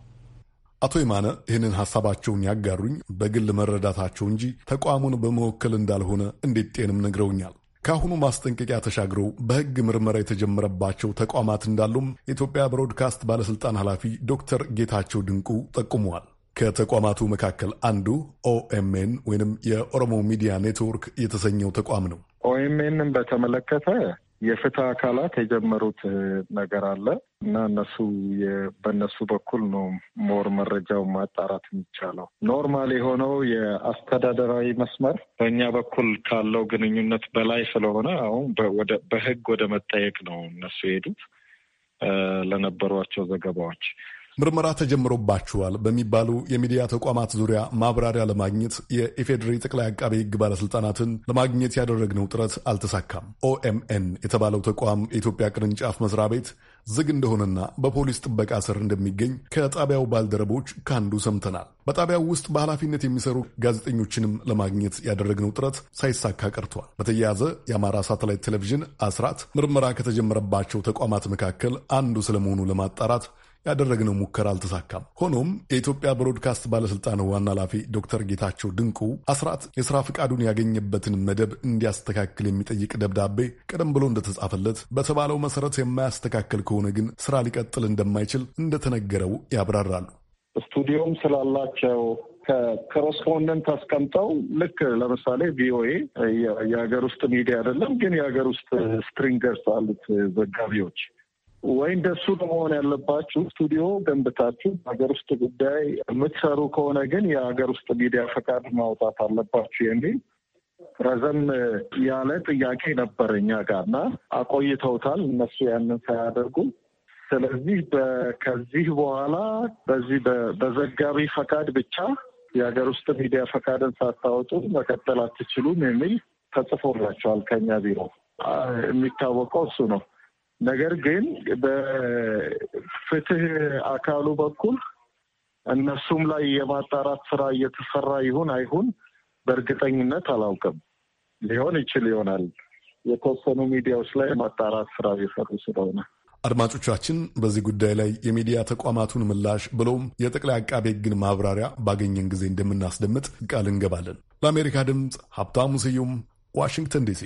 አቶ የማነ ይህንን ሀሳባቸውን ያጋሩኝ በግል መረዳታቸው እንጂ ተቋሙን በመወከል እንዳልሆነ እንዴት ጤንም ነግረውኛል። ከአሁኑ ማስጠንቀቂያ ተሻግረው በሕግ ምርመራ የተጀመረባቸው ተቋማት እንዳሉም የኢትዮጵያ ብሮድካስት ባለሥልጣን ኃላፊ ዶክተር ጌታቸው ድንቁ ጠቁመዋል። ከተቋማቱ መካከል አንዱ ኦኤምኤን ወይንም የኦሮሞ ሚዲያ ኔትወርክ የተሰኘው ተቋም ነው። ኦኤምኤንን በተመለከተ የፍትህ አካላት የጀመሩት ነገር አለ እና እነሱ በእነሱ በኩል ነው ሞር መረጃው ማጣራት የሚቻለው። ኖርማል የሆነው የአስተዳደራዊ መስመር በእኛ በኩል ካለው ግንኙነት በላይ ስለሆነ አሁን በህግ ወደ መጠየቅ ነው እነሱ የሄዱት ለነበሯቸው ዘገባዎች ምርመራ ተጀምሮባቸዋል በሚባሉ የሚዲያ ተቋማት ዙሪያ ማብራሪያ ለማግኘት የኢፌዴሪ ጠቅላይ አቃቤ ሕግ ባለስልጣናትን ለማግኘት ያደረግነው ጥረት አልተሳካም። ኦኤምኤን የተባለው ተቋም የኢትዮጵያ ቅርንጫፍ መስሪያ ቤት ዝግ እንደሆነና በፖሊስ ጥበቃ ስር እንደሚገኝ ከጣቢያው ባልደረቦች ከአንዱ ሰምተናል። በጣቢያው ውስጥ በኃላፊነት የሚሰሩ ጋዜጠኞችንም ለማግኘት ያደረግነው ጥረት ሳይሳካ ቀርቷል። በተያያዘ የአማራ ሳተላይት ቴሌቪዥን አስራት ምርመራ ከተጀመረባቸው ተቋማት መካከል አንዱ ስለመሆኑ ለማጣራት ያደረግነው ሙከራ አልተሳካም። ሆኖም የኢትዮጵያ ብሮድካስት ባለስልጣን ዋና ኃላፊ ዶክተር ጌታቸው ድንቁ አስራት የስራ ፍቃዱን ያገኘበትን መደብ እንዲያስተካክል የሚጠይቅ ደብዳቤ ቀደም ብሎ እንደተጻፈለት በተባለው መሰረት የማያስተካክል ከሆነ ግን ስራ ሊቀጥል እንደማይችል እንደተነገረው ያብራራሉ። ስቱዲዮም ስላላቸው ከኮረስፖንደንት አስቀምጠው ልክ ለምሳሌ ቪኦኤ የሀገር ውስጥ ሚዲያ አይደለም፣ ግን የሀገር ውስጥ ስትሪንገርስ አሉት ዘጋቢዎች ወይ እንደሱ መሆን ያለባችሁ ስቱዲዮ ገንብታችሁ በሀገር ውስጥ ጉዳይ የምትሰሩ ከሆነ ግን የሀገር ውስጥ ሚዲያ ፈቃድ ማውጣት አለባችሁ የሚል ረዘም ያለ ጥያቄ ነበር እኛ ጋር እና አቆይተውታል እነሱ ያንን ሳያደርጉ። ስለዚህ ከዚህ በኋላ በዚህ በዘጋቢ ፈቃድ ብቻ የሀገር ውስጥ ሚዲያ ፈቃድን ሳታወጡ መቀጠል አትችሉም የሚል ተጽፎላቸዋል ከኛ ቢሮ። የሚታወቀው እሱ ነው። ነገር ግን በፍትህ አካሉ በኩል እነሱም ላይ የማጣራት ስራ እየተሰራ ይሁን አይሁን በእርግጠኝነት አላውቅም። ሊሆን ይችል ይሆናል የተወሰኑ ሚዲያዎች ላይ የማጣራት ስራ እየሰሩ ስለሆነ አድማጮቻችን በዚህ ጉዳይ ላይ የሚዲያ ተቋማቱን ምላሽ ብለውም የጠቅላይ አቃቤ ሕግን ማብራሪያ ባገኘን ጊዜ እንደምናስደምጥ ቃል እንገባለን። ለአሜሪካ ድምፅ ሀብታሙ ስዩም ዋሽንግተን ዲሲ።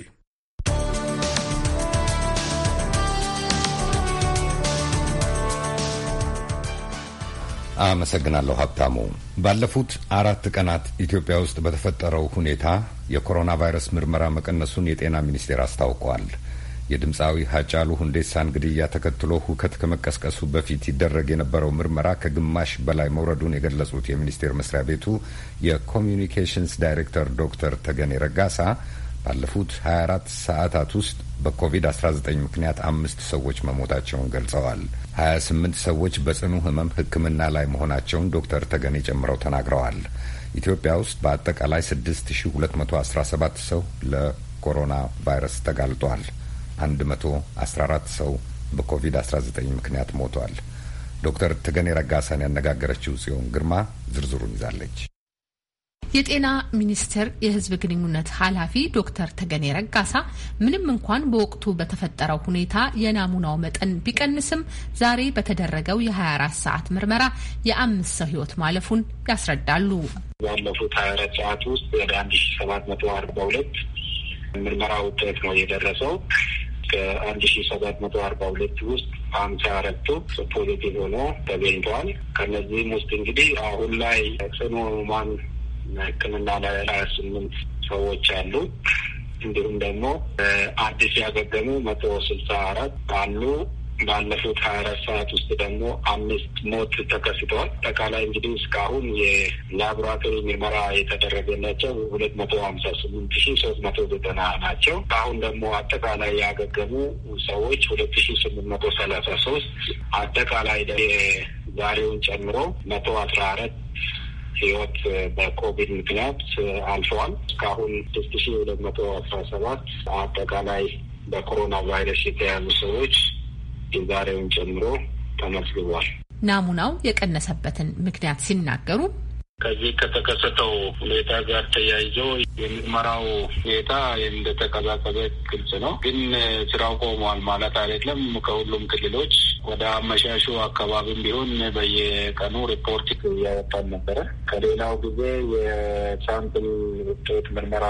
አመሰግናለሁ ሀብታሙ። ባለፉት አራት ቀናት ኢትዮጵያ ውስጥ በተፈጠረው ሁኔታ የኮሮና ቫይረስ ምርመራ መቀነሱን የጤና ሚኒስቴር አስታውቋል። የድምፃዊ ሀጫሉ ሁንዴሳን ግድያ ተከትሎ ሁከት ከመቀስቀሱ በፊት ይደረግ የነበረው ምርመራ ከግማሽ በላይ መውረዱን የገለጹት የሚኒስቴር መስሪያ ቤቱ የኮሚዩኒኬሽንስ ዳይሬክተር ዶክተር ተገኔ ረጋሳ ባለፉት 24 ሰዓታት ውስጥ በኮቪድ-19 ምክንያት አምስት ሰዎች መሞታቸውን ገልጸዋል። 28 ሰዎች በጽኑ ህመም ሕክምና ላይ መሆናቸውን ዶክተር ተገኔ ጨምረው ተናግረዋል። ኢትዮጵያ ውስጥ በአጠቃላይ 6217 ሰው ለኮሮና ቫይረስ ተጋልጧል። 114 ሰው በኮቪድ-19 ምክንያት ሞቷል። ዶክተር ተገኔ ረጋሳን ያነጋገረችው ጽዮን ግርማ ዝርዝሩን ይዛለች። የጤና ሚኒስቴር የሕዝብ ግንኙነት ኃላፊ ዶክተር ተገኔ ረጋሳ ምንም እንኳን በወቅቱ በተፈጠረው ሁኔታ የናሙናው መጠን ቢቀንስም ዛሬ በተደረገው የ24 ሰዓት ምርመራ የአምስት ሰው ሕይወት ማለፉን ያስረዳሉ። ባለፉት 24 ሰዓት ውስጥ ወደ 1742 ምርመራ ውጤት ነው የደረሰው። ከአንድ ሺ ሰባት መቶ አርባ ሁለት ውስጥ ሀምሳ አራቱ ፖዚቲቭ ሆኖ ተገኝተዋል። ከነዚህም ውስጥ እንግዲህ አሁን ላይ ጽኑ ሕክምና ላይ ሀያ ስምንት ሰዎች አሉ። እንዲሁም ደግሞ አዲስ ያገገሙ መቶ ስልሳ አራት አሉ። ባለፉት ሀያ አራት ሰዓት ውስጥ ደግሞ አምስት ሞት ተከስተዋል። አጠቃላይ እንግዲህ እስካሁን የላቦራቶሪ ምርመራ የተደረገላቸው ሁለት መቶ ሀምሳ ስምንት ሺ ሶስት መቶ ዘጠና ናቸው። አሁን ደግሞ አጠቃላይ ያገገሙ ሰዎች ሁለት ሺ ስምንት መቶ ሰላሳ ሶስት አጠቃላይ የዛሬውን ጨምሮ መቶ አስራ አራት ህይወት በኮቪድ ምክንያት አልፈዋል። እስካሁን ስድስት ሺ ሁለት መቶ አስራ ሰባት አጠቃላይ በኮሮና ቫይረስ የተያዙ ሰዎች የዛሬውን ጨምሮ ተመዝግቧል። ናሙናው የቀነሰበትን ምክንያት ሲናገሩ ከዚህ ከተከሰተው ሁኔታ ጋር ተያይዞ የምርመራው ሁኔታ እንደተቀዛቀዘ ግልጽ ነው። ግን ስራው ቆሟል ማለት አይደለም። ከሁሉም ክልሎች ወደ አመሻሹ አካባቢም ቢሆን በየቀኑ ሪፖርት እያወጣን ነበረ። ከሌላው ጊዜ የሳምፕል ውጤት ምርመራ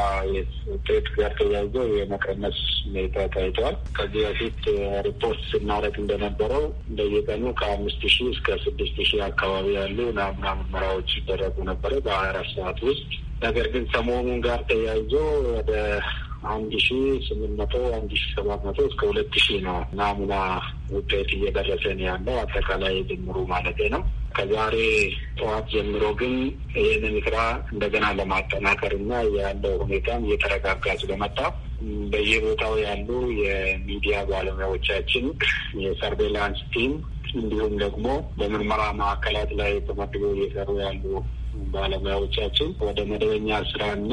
ውጤት ጋር ተያይዞ የመቀነስ ሁኔታ ታይቷል። ከዚህ በፊት ሪፖርት ስናደርግ እንደነበረው በየቀኑ ከአምስት ሺ እስከ ስድስት ሺህ አካባቢ ያሉ ናሙና ምርመራዎች ይደረጉ ነበረ በሀያ አራት ሰዓት ውስጥ ነገር ግን ሰሞኑን ጋር ተያይዞ ወደ አንድ ሺ ስምንት መቶ አንድ ሺ ሰባት መቶ እስከ ሁለት ሺ ነው ናሙና ውጤት እየደረሰን ያለው አጠቃላይ ድምሩ ማለት ነው። ከዛሬ ጠዋት ጀምሮ ግን ይህንን ስራ እንደገና ለማጠናከር እና ያለው ሁኔታም እየተረጋጋ ስለመጣ በየቦታው ያሉ የሚዲያ ባለሙያዎቻችን የሰርቬላንስ ቲም እንዲሁም ደግሞ በምርመራ ማዕከላት ላይ ተመድበው እየሰሩ ያሉ ባለሙያዎቻችን ወደ መደበኛ ስራና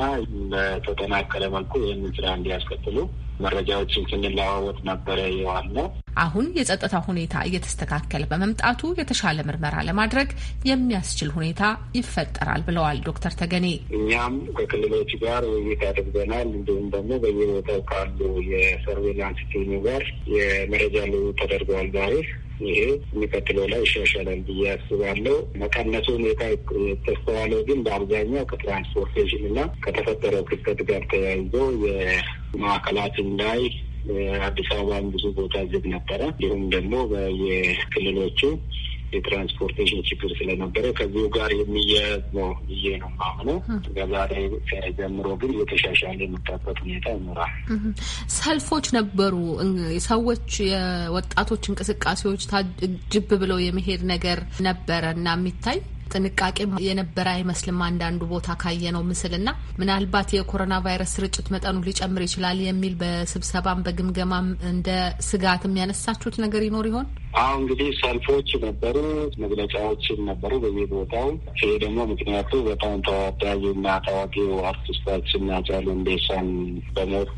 በተጠናከረ መልኩ ይህን ስራ እንዲያስቀጥሉ መረጃዎችን ስንለዋወጥ ነበረ የዋል ነው። አሁን የጸጥታ ሁኔታ እየተስተካከለ በመምጣቱ የተሻለ ምርመራ ለማድረግ የሚያስችል ሁኔታ ይፈጠራል ብለዋል ዶክተር ተገኔ። እኛም ከክልሎች ጋር ውይይት አድርገናል። እንዲሁም ደግሞ በየቦታው ካሉ የሰርቬላንስ ቲሙ ጋር የመረጃ ልውውጥ ተደርገዋል ዛሬ ይሄ የሚቀጥለው ላይ ይሻሻላል ብዬ አስባለሁ። መቀነሱ ሁኔታ የተስተዋለው ግን በአብዛኛው ከትራንስፖርቴሽን እና ከተፈጠረው ክስተት ጋር ተያይዞ የማዕከላትን ላይ አዲስ አበባን ብዙ ቦታ ዝግ ነበረ። እንዲሁም ደግሞ የክልሎቹ የትራንስፖርቴሽን ችግር ስለነበረ ከዚሁ ጋር የሚያያዝ ነው ብዬ ነው ማምነው። ከዛሬ ጀምሮ ግን የተሻሻለ የመጣበት ሁኔታ ይኖራል። ሰልፎች ነበሩ። ሰዎች የወጣቶች እንቅስቃሴዎች ታጅብ ብለው የመሄድ ነገር ነበረ እና የሚታይ ጥንቃቄ የነበረ አይመስልም። አንዳንዱ ቦታ ካየነው ምስል እና ምናልባት የኮሮና ቫይረስ ስርጭት መጠኑ ሊጨምር ይችላል የሚል በስብሰባም በግምገማም እንደ ስጋት የሚያነሳችሁት ነገር ይኖር ይሆን? አሁ እንግዲህ ሰልፎች ነበሩ፣ መግለጫዎችም ነበሩ በየቦታው። ይሄ ደግሞ ምክንያቱ በጣም ተወዳጅ እና ታዋቂው አርቲስታችን ሃጫሉ ሁንዴሳን በሞት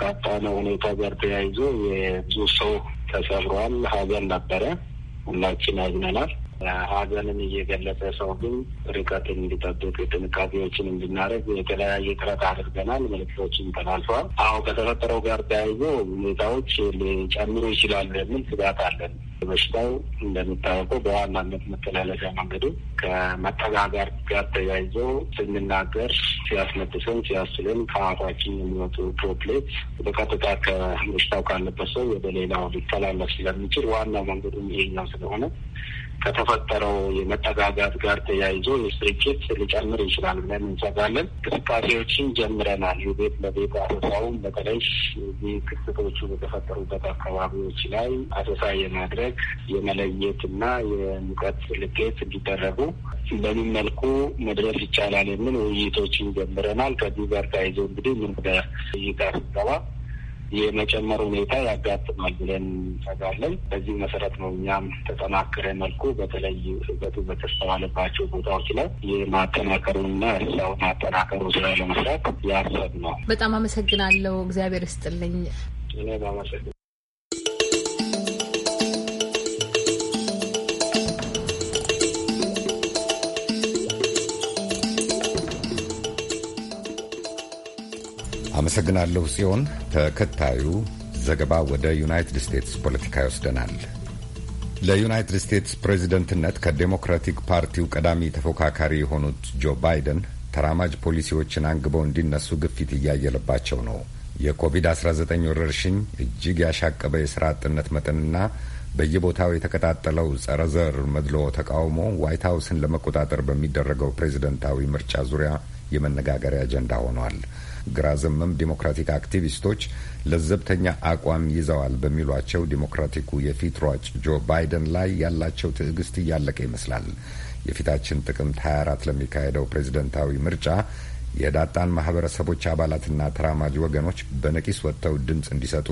ካጣነው ሁኔታ ጋር ተያይዞ የብዙ ሰው ተሰብሯል። ሀዘን ነበረ። ሁላችን አዝነናል። ሀዘንን እየገለጸ ሰው ግን ርቀትን እንዲጠብቅ ጥንቃቄዎችን እንድናደርግ የተለያየ ጥረት አድርገናል። ምልክቶችን ተላልፈዋል። አሁ ከተፈጠረው ጋር ተያይዞ ሁኔታዎች ሊጨምሩ ይችላሉ የሚል ስጋት አለን። በሽታው እንደሚታወቀው በዋናነት መተላለፊያ መንገዱ ከመጠጋጋር ጋር ተያይዞ ስንናገር ሲያስነጥሰን ሲያስለን ከአፋችን የሚወጡ ድሮፕሌት በቀጥታ ከበሽታው ካለበት ሰው ወደ ሌላው ሊተላለፍ ስለሚችል ዋናው መንገዱ ይሄኛው ስለሆነ ከተፈጠረው የመጠጋጋት ጋር ተያይዞ የስርጭት ሊጨምር ይችላል ብለን እንሰጋለን። እንቅስቃሴዎችን ጀምረናል። የቤት ለቤት አሰሳውን በተለይ ክስተቶቹ በተፈጠሩበት አካባቢዎች ላይ አሰሳ የማድረግ የመለየት እና የሙቀት ልኬት እንዲደረጉ በምን መልኩ መድረስ ይቻላል የምን ውይይቶችን ጀምረናል። ከዚህ ጋር ተያይዞ እንግዲህ ምን ወደ ይታ የመጨመር ሁኔታ ያጋጥማል ብለን እንሰጋለን። በዚህ መሰረት ነው እኛም ተጠናከረ መልኩ በተለይ እውቀቱ በተስተዋለባቸው ቦታዎች ላይ የማጠናከሩንና እሳውን ማጠናከሩ ስራ ለመስራት ያሰብ ነው። በጣም አመሰግናለሁ። እግዚአብሔር ይስጥልኝ። እኔ አመሰግናለሁ። አመሰግናለሁ ጽዮን። ተከታዩ ዘገባ ወደ ዩናይትድ ስቴትስ ፖለቲካ ይወስደናል። ለዩናይትድ ስቴትስ ፕሬዚደንትነት ከዴሞክራቲክ ፓርቲው ቀዳሚ ተፎካካሪ የሆኑት ጆ ባይደን ተራማጅ ፖሊሲዎችን አንግበው እንዲነሱ ግፊት እያየለባቸው ነው። የኮቪድ-19 ወረርሽኝ፣ እጅግ ያሻቀበ የሥራ አጥነት መጠንና በየቦታው የተቀጣጠለው ጸረ ዘር መድሎ ተቃውሞ ዋይት ሀውስን ለመቆጣጠር በሚደረገው ፕሬዝደንታዊ ምርጫ ዙሪያ የመነጋገሪያ አጀንዳ ሆኗል። ግራ ዘመም ዴሞክራቲክ አክቲቪስቶች ለዘብተኛ አቋም ይዘዋል በሚሏቸው ዴሞክራቲኩ የፊት ሯጭ ጆ ባይደን ላይ ያላቸው ትዕግስት እያለቀ ይመስላል። የፊታችን ጥቅምት 24 ለሚካሄደው ፕሬዝደንታዊ ምርጫ የዳጣን ማህበረሰቦች አባላትና ተራማጅ ወገኖች በነቂስ ወጥተው ድምፅ እንዲሰጡ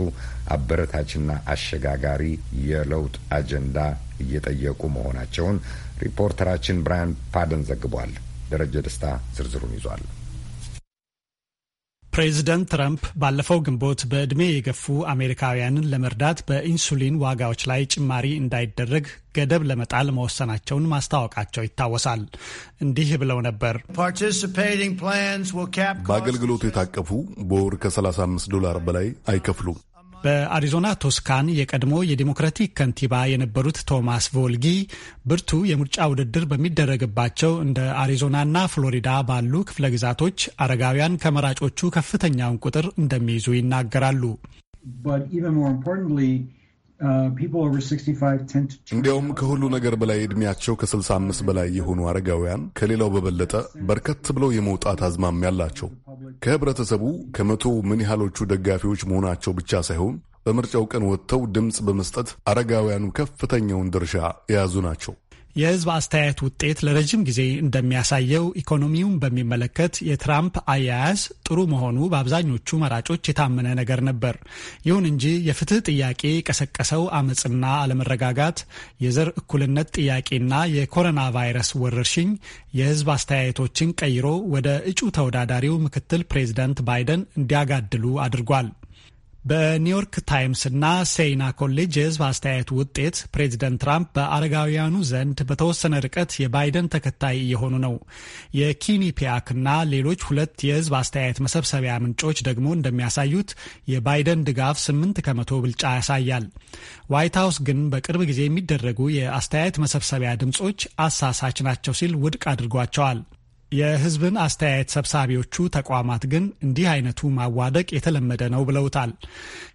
አበረታችና አሸጋጋሪ የለውጥ አጀንዳ እየጠየቁ መሆናቸውን ሪፖርተራችን ብራያን ፓደን ዘግቧል። ደረጀ ደስታ ዝርዝሩን ይዟል። ፕሬዚደንት ትራምፕ ባለፈው ግንቦት በዕድሜ የገፉ አሜሪካውያንን ለመርዳት በኢንሱሊን ዋጋዎች ላይ ጭማሪ እንዳይደረግ ገደብ ለመጣል መወሰናቸውን ማስታወቃቸው ይታወሳል። እንዲህ ብለው ነበር። በአገልግሎቱ የታቀፉ በወር ከ35 ዶላር በላይ አይከፍሉም። በአሪዞና ቶስካን የቀድሞ የዲሞክራቲክ ከንቲባ የነበሩት ቶማስ ቮልጊ ብርቱ የምርጫ ውድድር በሚደረግባቸው እንደ አሪዞናና ፍሎሪዳ ባሉ ክፍለ ግዛቶች አረጋውያን ከመራጮቹ ከፍተኛውን ቁጥር እንደሚይዙ ይናገራሉ። uh, እንዲያውም ከሁሉ ነገር በላይ ዕድሜያቸው ከ65 በላይ የሆኑ አረጋውያን ከሌላው በበለጠ በርከት ብለው የመውጣት አዝማሚያ አላቸው። ከህብረተሰቡ ከመቶ ምን ያህሎቹ ደጋፊዎች መሆናቸው ብቻ ሳይሆን በምርጫው ቀን ወጥተው ድምፅ በመስጠት አረጋውያኑ ከፍተኛውን ድርሻ የያዙ ናቸው። የህዝብ አስተያየት ውጤት ለረጅም ጊዜ እንደሚያሳየው ኢኮኖሚውን በሚመለከት የትራምፕ አያያዝ ጥሩ መሆኑ በአብዛኞቹ መራጮች የታመነ ነገር ነበር። ይሁን እንጂ የፍትህ ጥያቄ የቀሰቀሰው አመፅና አለመረጋጋት፣ የዘር እኩልነት ጥያቄና የኮሮና ቫይረስ ወረርሽኝ የህዝብ አስተያየቶችን ቀይሮ ወደ እጩ ተወዳዳሪው ምክትል ፕሬዚዳንት ባይደን እንዲያጋድሉ አድርጓል። በኒውዮርክ ታይምስ እና ሴይና የህዝብ አስተያየት ውጤት ፕሬዚደንት ትራምፕ በአረጋውያኑ ዘንድ በተወሰነ ርቀት የባይደን ተከታይ እየሆኑ ነው። ና ሌሎች ሁለት የህዝብ አስተያየት መሰብሰቢያ ምንጮች ደግሞ እንደሚያሳዩት የባይደን ድጋፍ ስምንት ከመቶ ብልጫ ያሳያል። ዋይት ሀውስ ግን በቅርብ ጊዜ የሚደረጉ የአስተያየት መሰብሰቢያ ድምጾች አሳሳች ናቸው ሲል ውድቅ አድርጓቸዋል። የህዝብን አስተያየት ሰብሳቢዎቹ ተቋማት ግን እንዲህ አይነቱ ማዋደቅ የተለመደ ነው ብለውታል።